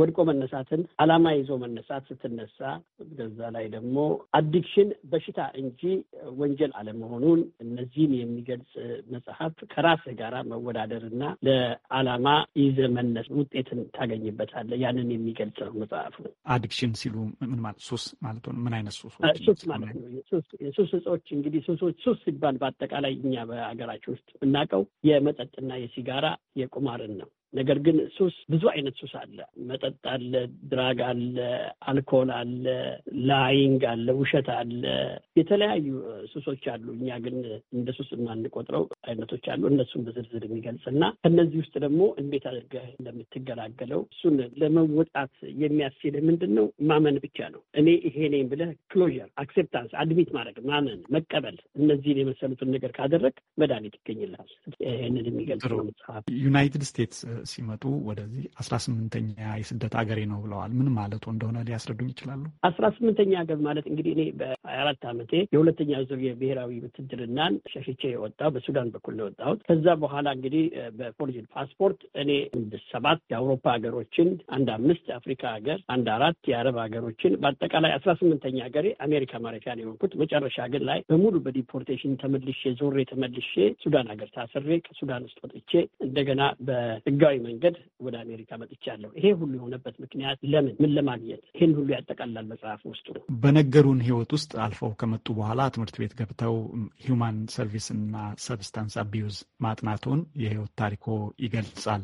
ወድቆ መነሳትን አላማ ይዞ መነሳት ስትነሳ በዛ ላይ ደግሞ አዲክሽን በሽታ እንጂ ወንጀል አለመሆኑን እነዚህን የሚገልጽ መጽሐፍ ከራስ ጋራ መወዳደርና ለአላማ ይዘ መነስ ውጤትን ታገኝበታለ። ያንን የሚገልጽ ነው መጽሐፉ። አዲክሽን ሲሉ ምን ማለት ሱስ ማለት ነው? ምን አይነት ሱስ ማለት ነው? ሱስ እጾች እንግዲህ ሱሶች ሱስ ሲባል በአጠቃላይ እኛ በሀገራችን ውስጥ የምናውቀው የመጠጥና የሲጋራ የቁማርን ነው። ነገር ግን ሱስ ብዙ አይነት ሱስ አለ። መጠጥ አለ፣ ድራግ አለ፣ አልኮል አለ፣ ላይንግ አለ፣ ውሸት አለ። የተለያዩ ሱሶች አሉ። እኛ ግን እንደ ሱስ የማንቆጥረው አይነቶች አሉ። እነሱን በዝርዝር የሚገልጽ እና ከነዚህ ውስጥ ደግሞ እንዴት አድርገህ እንደምትገላገለው እሱን ለመወጣት የሚያስችል ምንድን ነው ማመን ብቻ ነው። እኔ ይሄ ነኝ ብለህ ክሎዥር፣ አክሴፕታንስ፣ አድሚት ማድረግ፣ ማመን፣ መቀበል እነዚህን የመሰሉትን ነገር ካደረግ መድኃኒት ይገኝልሃል። ይህንን የሚገልጽ ነው መጽሐፍ ዩናይትድ ስቴትስ ሲመጡ ወደዚህ አስራ ስምንተኛ የስደት አገሬ ነው ብለዋል። ምን ማለቱ እንደሆነ ሊያስረዱኝ ይችላሉ? አስራ ስምንተኛ ሀገር ማለት እንግዲህ እኔ በሀያ አራት ዓመቴ የሁለተኛ ዙር የብሔራዊ ውትድርናን ሸሽቼ የወጣው በሱዳን በኩል ነው የወጣሁት። ከዛ በኋላ እንግዲህ በፎርጅድ ፓስፖርት እኔ ሰባት የአውሮፓ ሀገሮችን፣ አንድ አምስት የአፍሪካ ሀገር፣ አንድ አራት የአረብ ሀገሮችን በአጠቃላይ አስራ ስምንተኛ ሀገሬ አሜሪካ ማረፊያ ነው የሆንኩት። መጨረሻ ግን ላይ በሙሉ በዲፖርቴሽን ተመልሼ ዞሬ ተመልሼ ሱዳን ሀገር ታስሬ ከሱዳን ውስጥ ወጥቼ እንደገና በህጋዊ በህጋዊ መንገድ ወደ አሜሪካ መጥቻለሁ። ይሄ ሁሉ የሆነበት ምክንያት ለምን ምን ለማግኘት? ይህን ሁሉ ያጠቃላል መጽሐፍ ውስጡ። በነገሩን ህይወት ውስጥ አልፈው ከመጡ በኋላ ትምህርት ቤት ገብተው ሂውማን ሰርቪስ እና ሰብስታንስ አቢዩዝ ማጥናቱን የህይወት ታሪኮ ይገልጻል።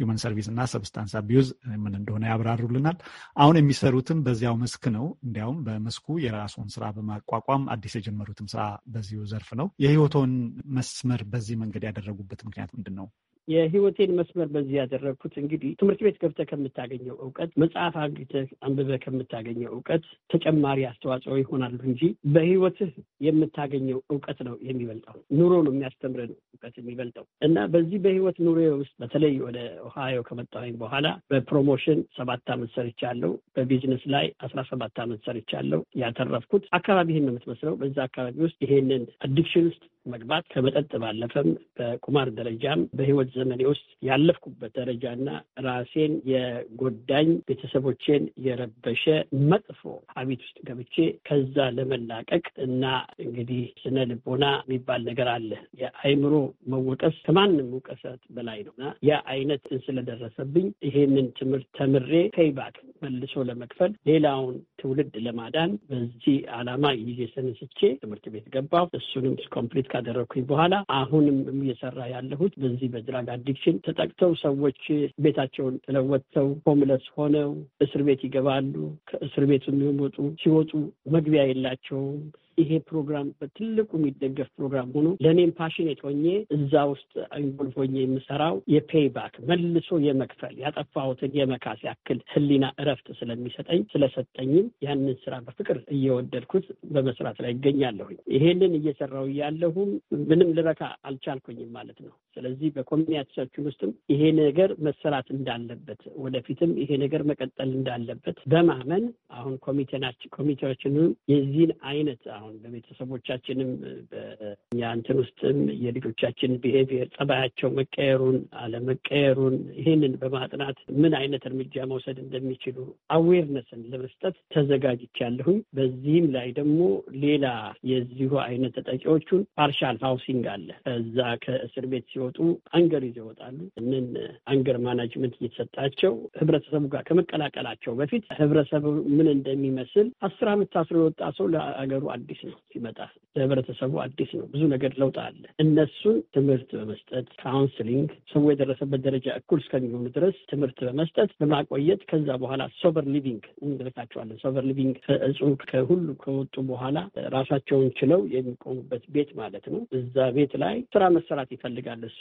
ሂውማን ሰርቪስ እና ሰብስታንስ አቢዩዝ ምን እንደሆነ ያብራሩልናል። አሁን የሚሰሩትም በዚያው መስክ ነው። እንዲያውም በመስኩ የራሱን ስራ በማቋቋም አዲስ የጀመሩትም ስራ በዚሁ ዘርፍ ነው። የህይወቶን መስመር በዚህ መንገድ ያደረጉበት ምክንያት ምንድን ነው? የህይወቴን መስመር በዚህ ያደረግኩት እንግዲህ ትምህርት ቤት ገብተህ ከምታገኘው እውቀት፣ መጽሐፍ አግኝተህ አንብበህ ከምታገኘው እውቀት ተጨማሪ አስተዋጽኦ ይሆናሉ እንጂ በህይወትህ የምታገኘው እውቀት ነው የሚበልጠው። ኑሮ ነው የሚያስተምረን እውቀት የሚበልጠው እና በዚህ በህይወት ኑሮ ውስጥ በተለይ ወደ ኦሃዮ ከመጣሁኝ በኋላ በፕሮሞሽን ሰባት ዓመት ሰርቻለሁ። በቢዝነስ ላይ አስራ ሰባት ዓመት ሰርቻለሁ። ያተረፍኩት አካባቢህን ነው የምትመስለው። በዛ አካባቢ ውስጥ ይሄንን አዲክሽን ውስጥ መግባት ከመጠጥ ባለፈም በቁማር ደረጃም በህይወት ዘመኔ ውስጥ ያለፍኩበት ደረጃና ራሴን የጎዳኝ ቤተሰቦቼን የረበሸ መጥፎ አቤት ውስጥ ገብቼ ከዛ ለመላቀቅ እና እንግዲህ ስነ ልቦና የሚባል ነገር አለ። የአይምሮ መወቀስ ከማንም እውቀት በላይ ነውና ያ አይነት ስለደረሰብኝ ይሄንን ትምህርት ተምሬ ከይባት መልሶ ለመክፈል ሌላውን ትውልድ ለማዳን በዚህ አላማ ጊዜ ሰነስቼ ትምህርት ቤት ገባሁ። እሱንም ኮምፕሊት ካደረግኩኝ በኋላ አሁንም እየሰራ ያለሁት በዚህ በድራግ ድራግ አዲክሽን ተጠቅተው ሰዎች ቤታቸውን ጥለው ወጥተው ሆምለስ ሆነው እስር ቤት ይገባሉ። ከእስር ቤቱ የሚወጡ ሲወጡ መግቢያ የላቸውም። ይሄ ፕሮግራም በትልቁ የሚደገፍ ፕሮግራም ሆኖ ለእኔም ፓሽኔት ሆኜ እዛ ውስጥ ኢንቮልቭ ሆኜ የምሰራው የፔይባክ መልሶ የመክፈል ያጠፋሁትን የመካስ ያክል ህሊና እረፍት ስለሚሰጠኝ ስለሰጠኝም ያንን ስራ በፍቅር እየወደድኩት በመስራት ላይ ይገኛለሁኝ። ይሄንን እየሰራው እያለሁም ምንም ልረካ አልቻልኩኝም ማለት ነው። ስለዚህ በኮሚኒቲያችን ውስጥም ይሄ ነገር መሰራት እንዳለበት ወደፊትም ይሄ ነገር መቀጠል እንዳለበት በማመን አሁን ኮሚቴናችን ኮሚቴዎችን የዚህን አይነት አሁን በቤተሰቦቻችንም በእኛ እንትን ውስጥም የልጆቻችን ቢሄቪየር ጸባያቸው መቀየሩን አለመቀየሩን ይህንን በማጥናት ምን አይነት እርምጃ መውሰድ እንደሚችሉ አዌርነስን ለመስጠት ተዘጋጅቻለሁኝ። በዚህም ላይ ደግሞ ሌላ የዚሁ አይነት ተጠቂዎቹን ፓርሻል ሃውሲንግ አለ። ከዛ ከእስር ቤት ሲወጡ አንገር ይዘው ይወጣሉ። እንን አንገር ማናጅመንት እየተሰጣቸው ህብረተሰቡ ጋር ከመቀላቀላቸው በፊት ህብረተሰቡ ምን እንደሚመስል አስር አመት ታስሮ የወጣ ሰው ለአገሩ አዲስ አዲስ ነው ሲመጣ ለህብረተሰቡ አዲስ ነው። ብዙ ነገር ለውጥ አለ። እነሱን ትምህርት በመስጠት ካውንስሊንግ፣ ሰው የደረሰበት ደረጃ እኩል እስከሚሆኑ ድረስ ትምህርት በመስጠት በማቆየት ከዛ በኋላ ሶቨር ሊቪንግ እንልካቸዋለን። ሶቨር ሊቪንግ ከእጹ ከሁሉ ከወጡ በኋላ ራሳቸውን ችለው የሚቆሙበት ቤት ማለት ነው። እዛ ቤት ላይ ስራ መሰራት ይፈልጋል እሱ።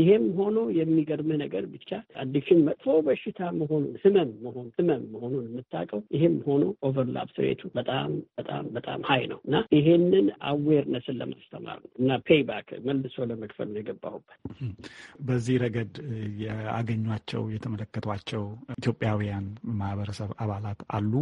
ይሄም ሆኖ የሚገርምህ ነገር ብቻ አዲክሽን መጥፎ በሽታ መሆኑን ህመም መሆኑ ህመም መሆኑን የምታውቀው ይሄም ሆኖ ኦቨርላፕ ስሬቱ በጣም በጣም በጣም ሀይ ነው። እና ይሄንን አዌርነስን ለማስተማር ነው እና ፔይባክ መልሶ ለመክፈል ነው የገባሁበት። በዚህ ረገድ ያገኟቸው የተመለከቷቸው ኢትዮጵያውያን ማህበረሰብ አባላት አሉ።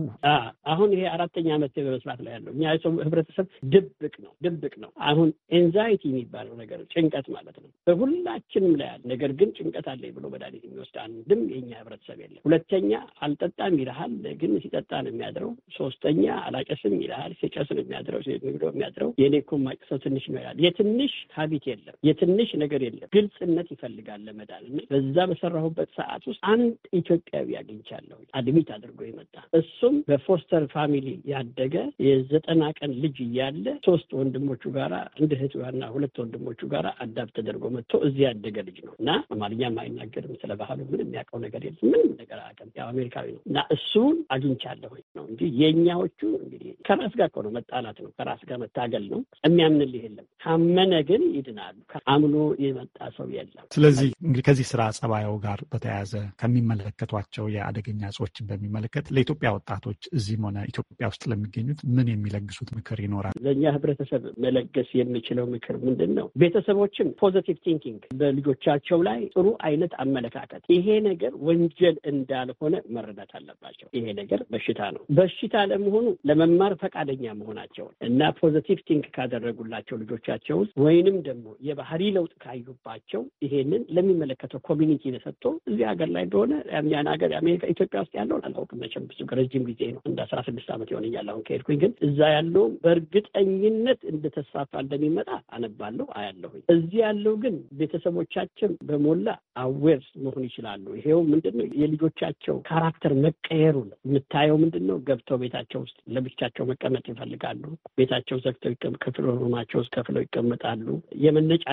አሁን ይሄ አራተኛ ዓመት በመስራት ላይ ያለው እኛ ሰው ህብረተሰብ ድብቅ ነው ድብቅ ነው። አሁን ኤንዛይቲ የሚባለው ነገር ጭንቀት ማለት ነው በሁላችንም ላይ ያለ ነገር ግን ጭንቀት አለኝ ብሎ መድኃኒት የሚወስድ አንድም የኛ ህብረተሰብ የለም። ሁለተኛ አልጠጣም ይልሃል፣ ግን ሲጠጣ ነው የሚያድረው። ሶስተኛ አላጨስም ይልሃል፣ ሲጨስ ነው የሚያድረው። ነው ሴ ብሎ የሚያድረው የኔ እኮ የማውቅ ሰው ትንሽ ነው ያለ። የትንሽ ሀቢት የለም፣ የትንሽ ነገር የለም። ግልጽነት ይፈልጋል ለመዳን እና በዛ በሰራሁበት ሰዓት ውስጥ አንድ ኢትዮጵያዊ አግኝቻለሁ፣ አድሚት አድርጎ የመጣ እሱም በፎስተር ፋሚሊ ያደገ የዘጠና ቀን ልጅ እያለ ሶስት ወንድሞቹ ጋር አንድ እህቱ ና ሁለት ወንድሞቹ ጋር አዳብ ተደርጎ መጥቶ እዚህ ያደገ ልጅ ነው እና አማርኛም አይናገርም። ስለ ባህሉ ምን የሚያውቀው ነገር የለም። ምንም ነገር አያውቅም። ያው አሜሪካዊ ነው እና እሱን አግኝቻለሁ ነው እንጂ የእኛዎቹ እንግዲህ ከራስ ጋር እኮ ነው መጣላት ነው ነው። ከራስ ጋር መታገል ነው። የሚያምንልህ የለም። ካመነ ግን ይድናሉ። አምኖ የመጣ ሰው የለም። ስለዚህ እንግዲህ ከዚህ ስራ ጸባዩ ጋር በተያያዘ ከሚመለከቷቸው የአደገኛ እጾችን በሚመለከት ለኢትዮጵያ ወጣቶች እዚህም ሆነ ኢትዮጵያ ውስጥ ለሚገኙት ምን የሚለግሱት ምክር ይኖራል? ለእኛ ህብረተሰብ መለገስ የምችለው ምክር ምንድን ነው? ቤተሰቦችም ፖዘቲቭ ቲንኪንግ በልጆቻቸው ላይ ጥሩ አይነት አመለካከት፣ ይሄ ነገር ወንጀል እንዳልሆነ መረዳት አለባቸው። ይሄ ነገር በሽታ ነው። በሽታ ለመሆኑ ለመማር ፈቃደኛ መሆናቸውን እና ፖዘቲቭ ቲንክ ካደረጉላቸው ልጆቻቸው ውስጥ ወይንም ደግሞ የባህሪ ለውጥ ካዩባቸው ይሄንን ለሚመለከተው ኮሚኒቲ ሰጥቶ እዚህ ሀገር ላይ እንደሆነ ያን ሀገር አሜሪካ ኢትዮጵያ ውስጥ ያለውን አላውቅም መቼም ብዙ ረጅም ጊዜ ነው እንደ አስራ ስድስት ዓመት ይሆነኛል አሁን ከሄድኩኝ ግን እዛ ያለው በእርግጠኝነት እንደተስፋፋ እንደሚመጣ አነባለሁ አያለሁኝ እዚህ ያለው ግን ቤተሰቦቻችን በሞላ አዌር መሆን ይችላሉ ይሄው ምንድን ነው የልጆቻቸው ካራክተር መቀየሩ ነው የምታየው ምንድን ነው ገብተው ቤታቸው ውስጥ ለብቻቸው መቀመጥ ይፈልጋሉ ቤታቸው ዘግተው ክፍል ሩማቸው ውስጥ ከፍለው ይቀመጣሉ።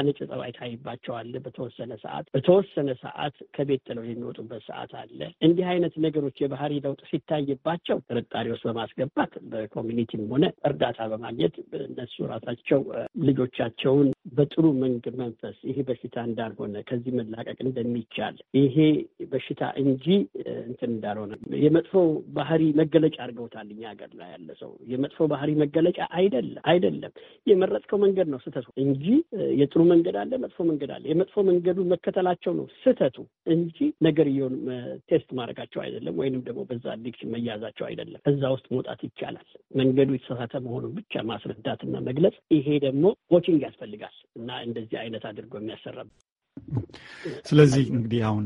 ነጭ ጠባይ ታይባቸዋል። በተወሰነ ሰዓት በተወሰነ ሰዓት ከቤት ጥለው የሚወጡበት ሰዓት አለ። እንዲህ አይነት ነገሮች የባህሪ ለውጥ ሲታይባቸው ጥርጣሬ ውስጥ በማስገባት በኮሚኒቲም ሆነ እርዳታ በማግኘት እነሱ ራሳቸው ልጆቻቸውን በጥሩ መንግ መንፈስ ይሄ በሽታ እንዳልሆነ ከዚህ መላቀቅ እንደሚቻል ይሄ በሽታ እንጂ እንትን እንዳልሆነ የመጥፎ ባህሪ መገለጫ አድርገውታል። እኛ ሀገር ላይ ያለ ሰው የመጥፎ ባህሪ መገለጫ መጠየቅ አይደለም አይደለም። የመረጥከው መንገድ ነው ስህተቱ እንጂ የጥሩ መንገድ አለ፣ መጥፎ መንገድ አለ። የመጥፎ መንገዱ መከተላቸው ነው ስህተቱ እንጂ ነገርየውን ቴስት ማድረጋቸው አይደለም፣ ወይንም ደግሞ በዛ አዲክሽን መያዛቸው አይደለም። እዛ ውስጥ መውጣት ይቻላል። መንገዱ የተሳሳተ መሆኑን ብቻ ማስረዳትና መግለጽ፣ ይሄ ደግሞ ኮቺንግ ያስፈልጋል እና እንደዚህ አይነት አድርጎ የሚያሰራ ስለዚህ እንግዲህ አሁን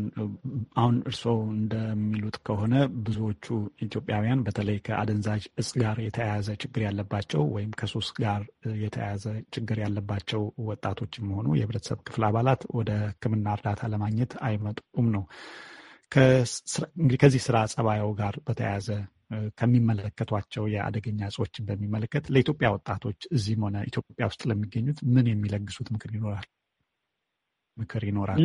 አሁን እርስዎ እንደሚሉት ከሆነ ብዙዎቹ ኢትዮጵያውያን በተለይ ከአደንዛዥ እጽ ጋር የተያያዘ ችግር ያለባቸው ወይም ከሱስ ጋር የተያያዘ ችግር ያለባቸው ወጣቶችም ሆኑ የህብረተሰብ ክፍል አባላት ወደ ሕክምና እርዳታ ለማግኘት አይመጡም ነው። እንግዲህ ከዚህ ስራ ጸባዩ ጋር በተያያዘ ከሚመለከቷቸው የአደገኛ እጾችን በሚመለከት ለኢትዮጵያ ወጣቶች እዚህም ሆነ ኢትዮጵያ ውስጥ ለሚገኙት ምን የሚለግሱት ምክር ይኖራል? ምክር ይኖራል?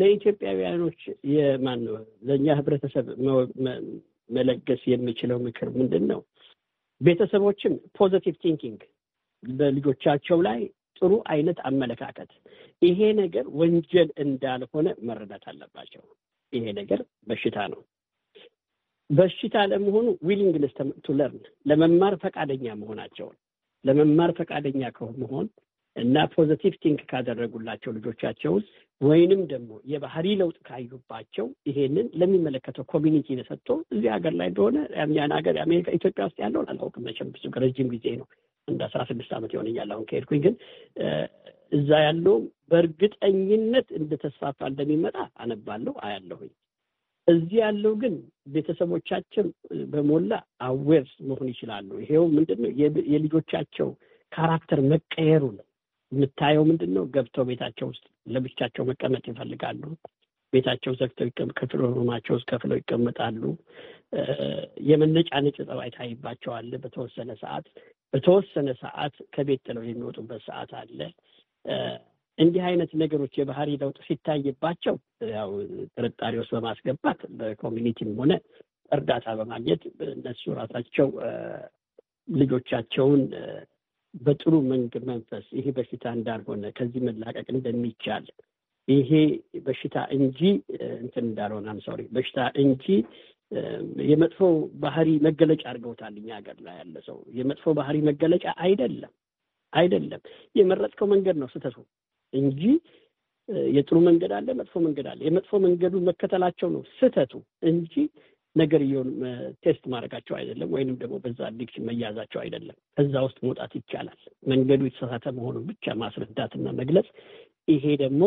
ለኢትዮጵያውያኖች የማን ለእኛ ህብረተሰብ መለገስ የሚችለው ምክር ምንድን ነው? ቤተሰቦችም ፖዘቲቭ ቲንኪንግ በልጆቻቸው ላይ ጥሩ አይነት አመለካከት፣ ይሄ ነገር ወንጀል እንዳልሆነ መረዳት አለባቸው። ይሄ ነገር በሽታ ነው። በሽታ ለመሆኑ ዊሊንግነስ ቱ ለርን ለመማር ፈቃደኛ መሆናቸውን ለመማር ፈቃደኛ ከመሆን እና ፖዘቲቭ ቲንክ ካደረጉላቸው ልጆቻቸው ወይንም ደግሞ የባህሪ ለውጥ ካዩባቸው ይሄንን ለሚመለከተው ኮሚኒቲ ሰጥቶ እዚህ ሀገር ላይ እንደሆነ ያን ሀገር የአሜሪካ ኢትዮጵያ ውስጥ ያለውን አላውቅም መቼም ብዙ ረጅም ጊዜ ነው እንደ አስራ ስድስት ዓመት ይሆነኛል አሁን ከሄድኩኝ ግን እዛ ያለውም በእርግጠኝነት እንደተስፋፋ እንደሚመጣ አነባለሁ አያለሁኝ። እዚህ ያለው ግን ቤተሰቦቻችን በሞላ አዌር መሆን ይችላሉ። ይሄው ምንድን ነው የልጆቻቸው ካራክተር መቀየሩ ነው። የምታየው ምንድን ነው? ገብተው ቤታቸው ውስጥ ለብቻቸው መቀመጥ ይፈልጋሉ። ቤታቸው ዘግተው ክፍል ሩማቸው ውስጥ ከፍለው ይቀመጣሉ። የመነጫነጭ ጸባይ ታይባቸዋል። በተወሰነ ሰዓት በተወሰነ ሰዓት ከቤት ጥለው የሚወጡበት ሰዓት አለ። እንዲህ አይነት ነገሮች የባህሪ ለውጥ ሲታይባቸው ያው ጥርጣሬ ውስጥ በማስገባት በኮሚኒቲም ሆነ እርዳታ በማግኘት እነሱ ራሳቸው ልጆቻቸውን በጥሩ መንገድ መንፈስ ይሄ በሽታ እንዳልሆነ ከዚህ መላቀቅ እንደሚቻል ይሄ በሽታ እንጂ እንትን እንዳልሆነ አምሳሪ በሽታ እንጂ የመጥፎ ባህሪ መገለጫ አድርገውታል። እኛ ሀገር ላይ ያለ ሰው የመጥፎ ባህሪ መገለጫ አይደለም አይደለም። የመረጥከው መንገድ ነው ስህተቱ እንጂ የጥሩ መንገድ አለ፣ መጥፎ መንገድ አለ። የመጥፎ መንገዱ መከተላቸው ነው ስህተቱ እንጂ ነገርየውን ቴስት ማድረጋቸው አይደለም ወይንም ደግሞ በዛ አዲክሽን መያዛቸው አይደለም። እዛ ውስጥ መውጣት ይቻላል። መንገዱ የተሳሳተ መሆኑን ብቻ ማስረዳትና መግለጽ። ይሄ ደግሞ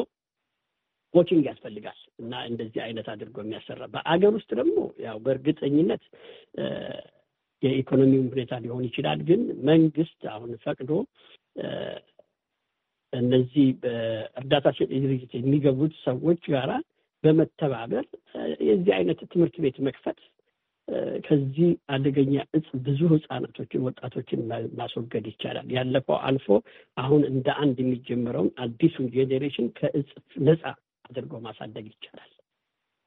ኮችንግ ያስፈልጋል እና እንደዚህ አይነት አድርጎ የሚያሰራ በአገር ውስጥ ደግሞ ያው በእርግጠኝነት የኢኮኖሚውን ሁኔታ ሊሆን ይችላል። ግን መንግስት አሁን ፈቅዶ እነዚህ በእርዳታ ድርጅት የሚገቡት ሰዎች ጋራ በመተባበር የዚህ አይነት ትምህርት ቤት መክፈት ከዚህ አደገኛ እጽ ብዙ ህጻናቶችን፣ ወጣቶችን ማስወገድ ይቻላል። ያለፈው አልፎ አሁን እንደ አንድ የሚጀምረውን አዲሱን ጄኔሬሽን ከእጽ ነጻ አድርጎ ማሳደግ ይቻላል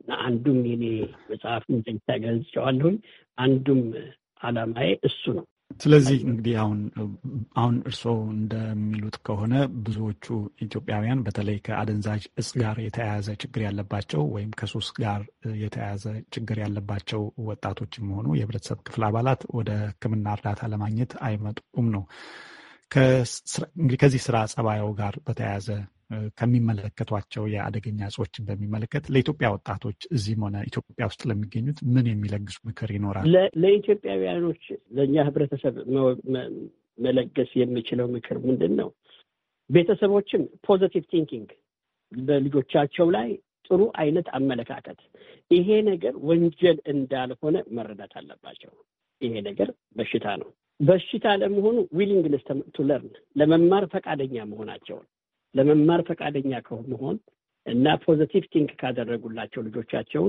እና አንዱም የኔ መጽሐፍ ገጽ አንዱም አላማዬ እሱ ነው። ስለዚህ እንግዲህ አሁን አሁን እርስዎ እንደሚሉት ከሆነ ብዙዎቹ ኢትዮጵያውያን በተለይ ከአደንዛዥ እጽ ጋር የተያያዘ ችግር ያለባቸው ወይም ከሱስ ጋር የተያያዘ ችግር ያለባቸው ወጣቶችም ሆኑ የህብረተሰብ ክፍል አባላት ወደ ሕክምና እርዳታ ለማግኘት አይመጡም ነው። እንግዲህ ከዚህ ስራ ጸባየው ጋር በተያያዘ ከሚመለከቷቸው የአደገኛ እጾችን በሚመለከት ለኢትዮጵያ ወጣቶች እዚህም ሆነ ኢትዮጵያ ውስጥ ለሚገኙት ምን የሚለግሱ ምክር ይኖራል? ለኢትዮጵያውያኖች ለእኛ ህብረተሰብ መለገስ የሚችለው ምክር ምንድን ነው? ቤተሰቦችም ፖዘቲቭ ቲንኪንግ በልጆቻቸው ላይ ጥሩ አይነት አመለካከት፣ ይሄ ነገር ወንጀል እንዳልሆነ መረዳት አለባቸው። ይሄ ነገር በሽታ ነው። በሽታ ለመሆኑ ዊሊንግነስ ቱ ለርን ለመማር ፈቃደኛ መሆናቸውን ለመማር ፈቃደኛ ከመሆን እና ፖዘቲቭ ቲንክ ካደረጉላቸው ልጆቻቸው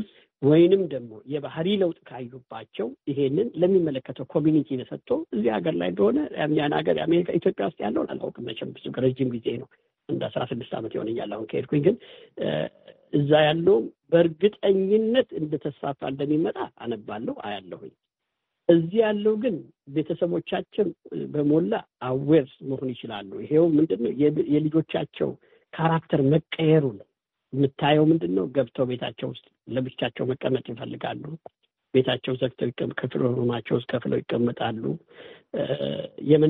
ወይንም ደግሞ የባህሪ ለውጥ ካዩባቸው ይሄንን ለሚመለከተው ኮሚኒቲ ሰጥቶ እዚህ ሀገር ላይ እንደሆነ ያን ሀገር የአሜሪካ ኢትዮጵያ ውስጥ ያለውን አላውቅም። መቼም ብዙ ረጅም ጊዜ ነው እንደ አስራ ስድስት ዓመት ይሆነኛል አሁን ከሄድኩኝ። ግን እዛ ያለውም በእርግጠኝነት እንደተስፋፋ እንደሚመጣ አነባለሁ፣ አያለሁኝ። እዚህ ያለው ግን ቤተሰቦቻችን በሞላ አዌር መሆን ይችላሉ። ይሄው ምንድን ነው የልጆቻቸው ካራክተር ነው የምታየው ምንድን ነው? ገብተው ቤታቸው ውስጥ ለብቻቸው መቀመጥ ይፈልጋሉ። ቤታቸው ዘግተው ክፍል ሆማቸው ውስጥ ከፍለው ይቀመጣሉ።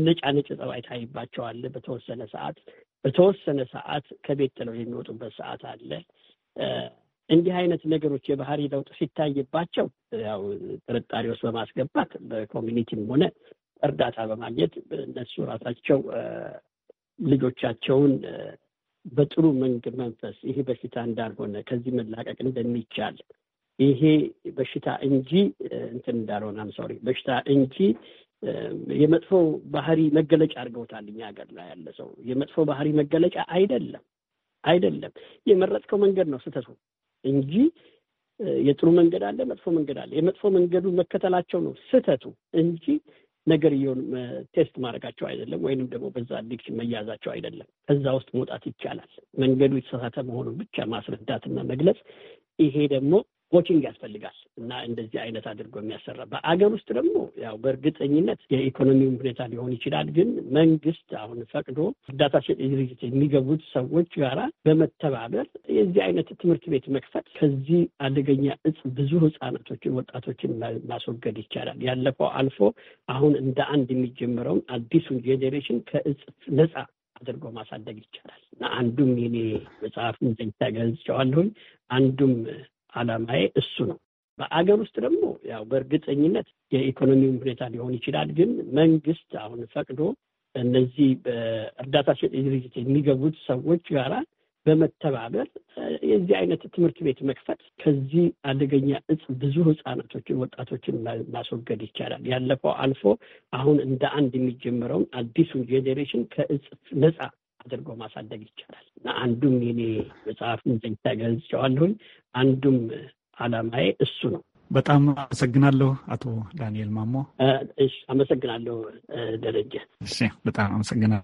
ነጭ ጸባይ ታይባቸዋል። በተወሰነ ሰዓት በተወሰነ ሰዓት ከቤት ጥለው የሚወጡበት ሰዓት አለ። እንዲህ አይነት ነገሮች የባህሪ ለውጥ ሲታይባቸው ያው ጥርጣሬ ውስጥ በማስገባት በኮሚኒቲም ሆነ እርዳታ በማግኘት እነሱ ራሳቸው ልጆቻቸውን በጥሩ መንግ መንፈስ ይሄ በሽታ እንዳልሆነ ከዚህ መላቀቅ እንደሚቻል ይሄ በሽታ እንጂ እንትን እንዳልሆነ አምሳሪ በሽታ እንጂ የመጥፎ ባህሪ መገለጫ አድርገውታል። እኛ ሀገር ላይ ያለ ሰው የመጥፎ ባህሪ መገለጫ አይደለም አይደለም። የመረጥከው መንገድ ነው ስህተቱ እንጂ የጥሩ መንገድ አለ፣ መጥፎ መንገድ አለ። የመጥፎ መንገዱ መከተላቸው ነው ስህተቱ እንጂ ነገር ነገርየውን ቴስት ማድረጋቸው አይደለም፣ ወይንም ደግሞ በዛ አዲክሽን መያዛቸው አይደለም። ከዛ ውስጥ መውጣት ይቻላል። መንገዱ የተሳሳተ መሆኑን ብቻ ማስረዳትና መግለጽ፣ ይሄ ደግሞ ኮቺንግ ያስፈልጋል እና እንደዚህ አይነት አድርጎ የሚያሰራ በአገር ውስጥ ደግሞ ያው በእርግጠኝነት የኢኮኖሚውን ሁኔታ ሊሆን ይችላል። ግን መንግስት አሁን ፈቅዶ እርዳታ ድርጅት የሚገቡት ሰዎች ጋራ በመተባበር የዚህ አይነት ትምህርት ቤት መክፈት ከዚህ አደገኛ እጽ ብዙ ህጻናቶችን፣ ወጣቶችን ማስወገድ ይቻላል። ያለፈው አልፎ አሁን እንደ አንድ የሚጀምረውን አዲሱን ጄኔሬሽን ከእጽ ነጻ አድርጎ ማሳደግ ይቻላል እና አንዱም የኔ መጽሐፍ ገጽ ጨዋለሁኝ አንዱም አላማዬ እሱ ነው። በአገር ውስጥ ደግሞ ያው በእርግጠኝነት የኢኮኖሚውን ሁኔታ ሊሆን ይችላል። ግን መንግስት አሁን ፈቅዶ እነዚህ በእርዳታ ሰጪ ድርጅት የሚገቡት ሰዎች ጋራ በመተባበር የዚህ አይነት ትምህርት ቤት መክፈት ከዚህ አደገኛ እጽ ብዙ ህጻናቶችን፣ ወጣቶችን ማስወገድ ይቻላል። ያለፈው አልፎ አሁን እንደ አንድ የሚጀምረውን አዲሱን ጄኔሬሽን ከእጽ ነፃ አድርጎ ማሳደግ ይቻላል እና አንዱም የኔ መጽሐፍ ዘኝታ ገልጸዋለሁኝ። አንዱም አላማዬ እሱ ነው። በጣም አመሰግናለሁ አቶ ዳንኤል ማሞ። አመሰግናለሁ ደረጀ። በጣም አመሰግናለሁ።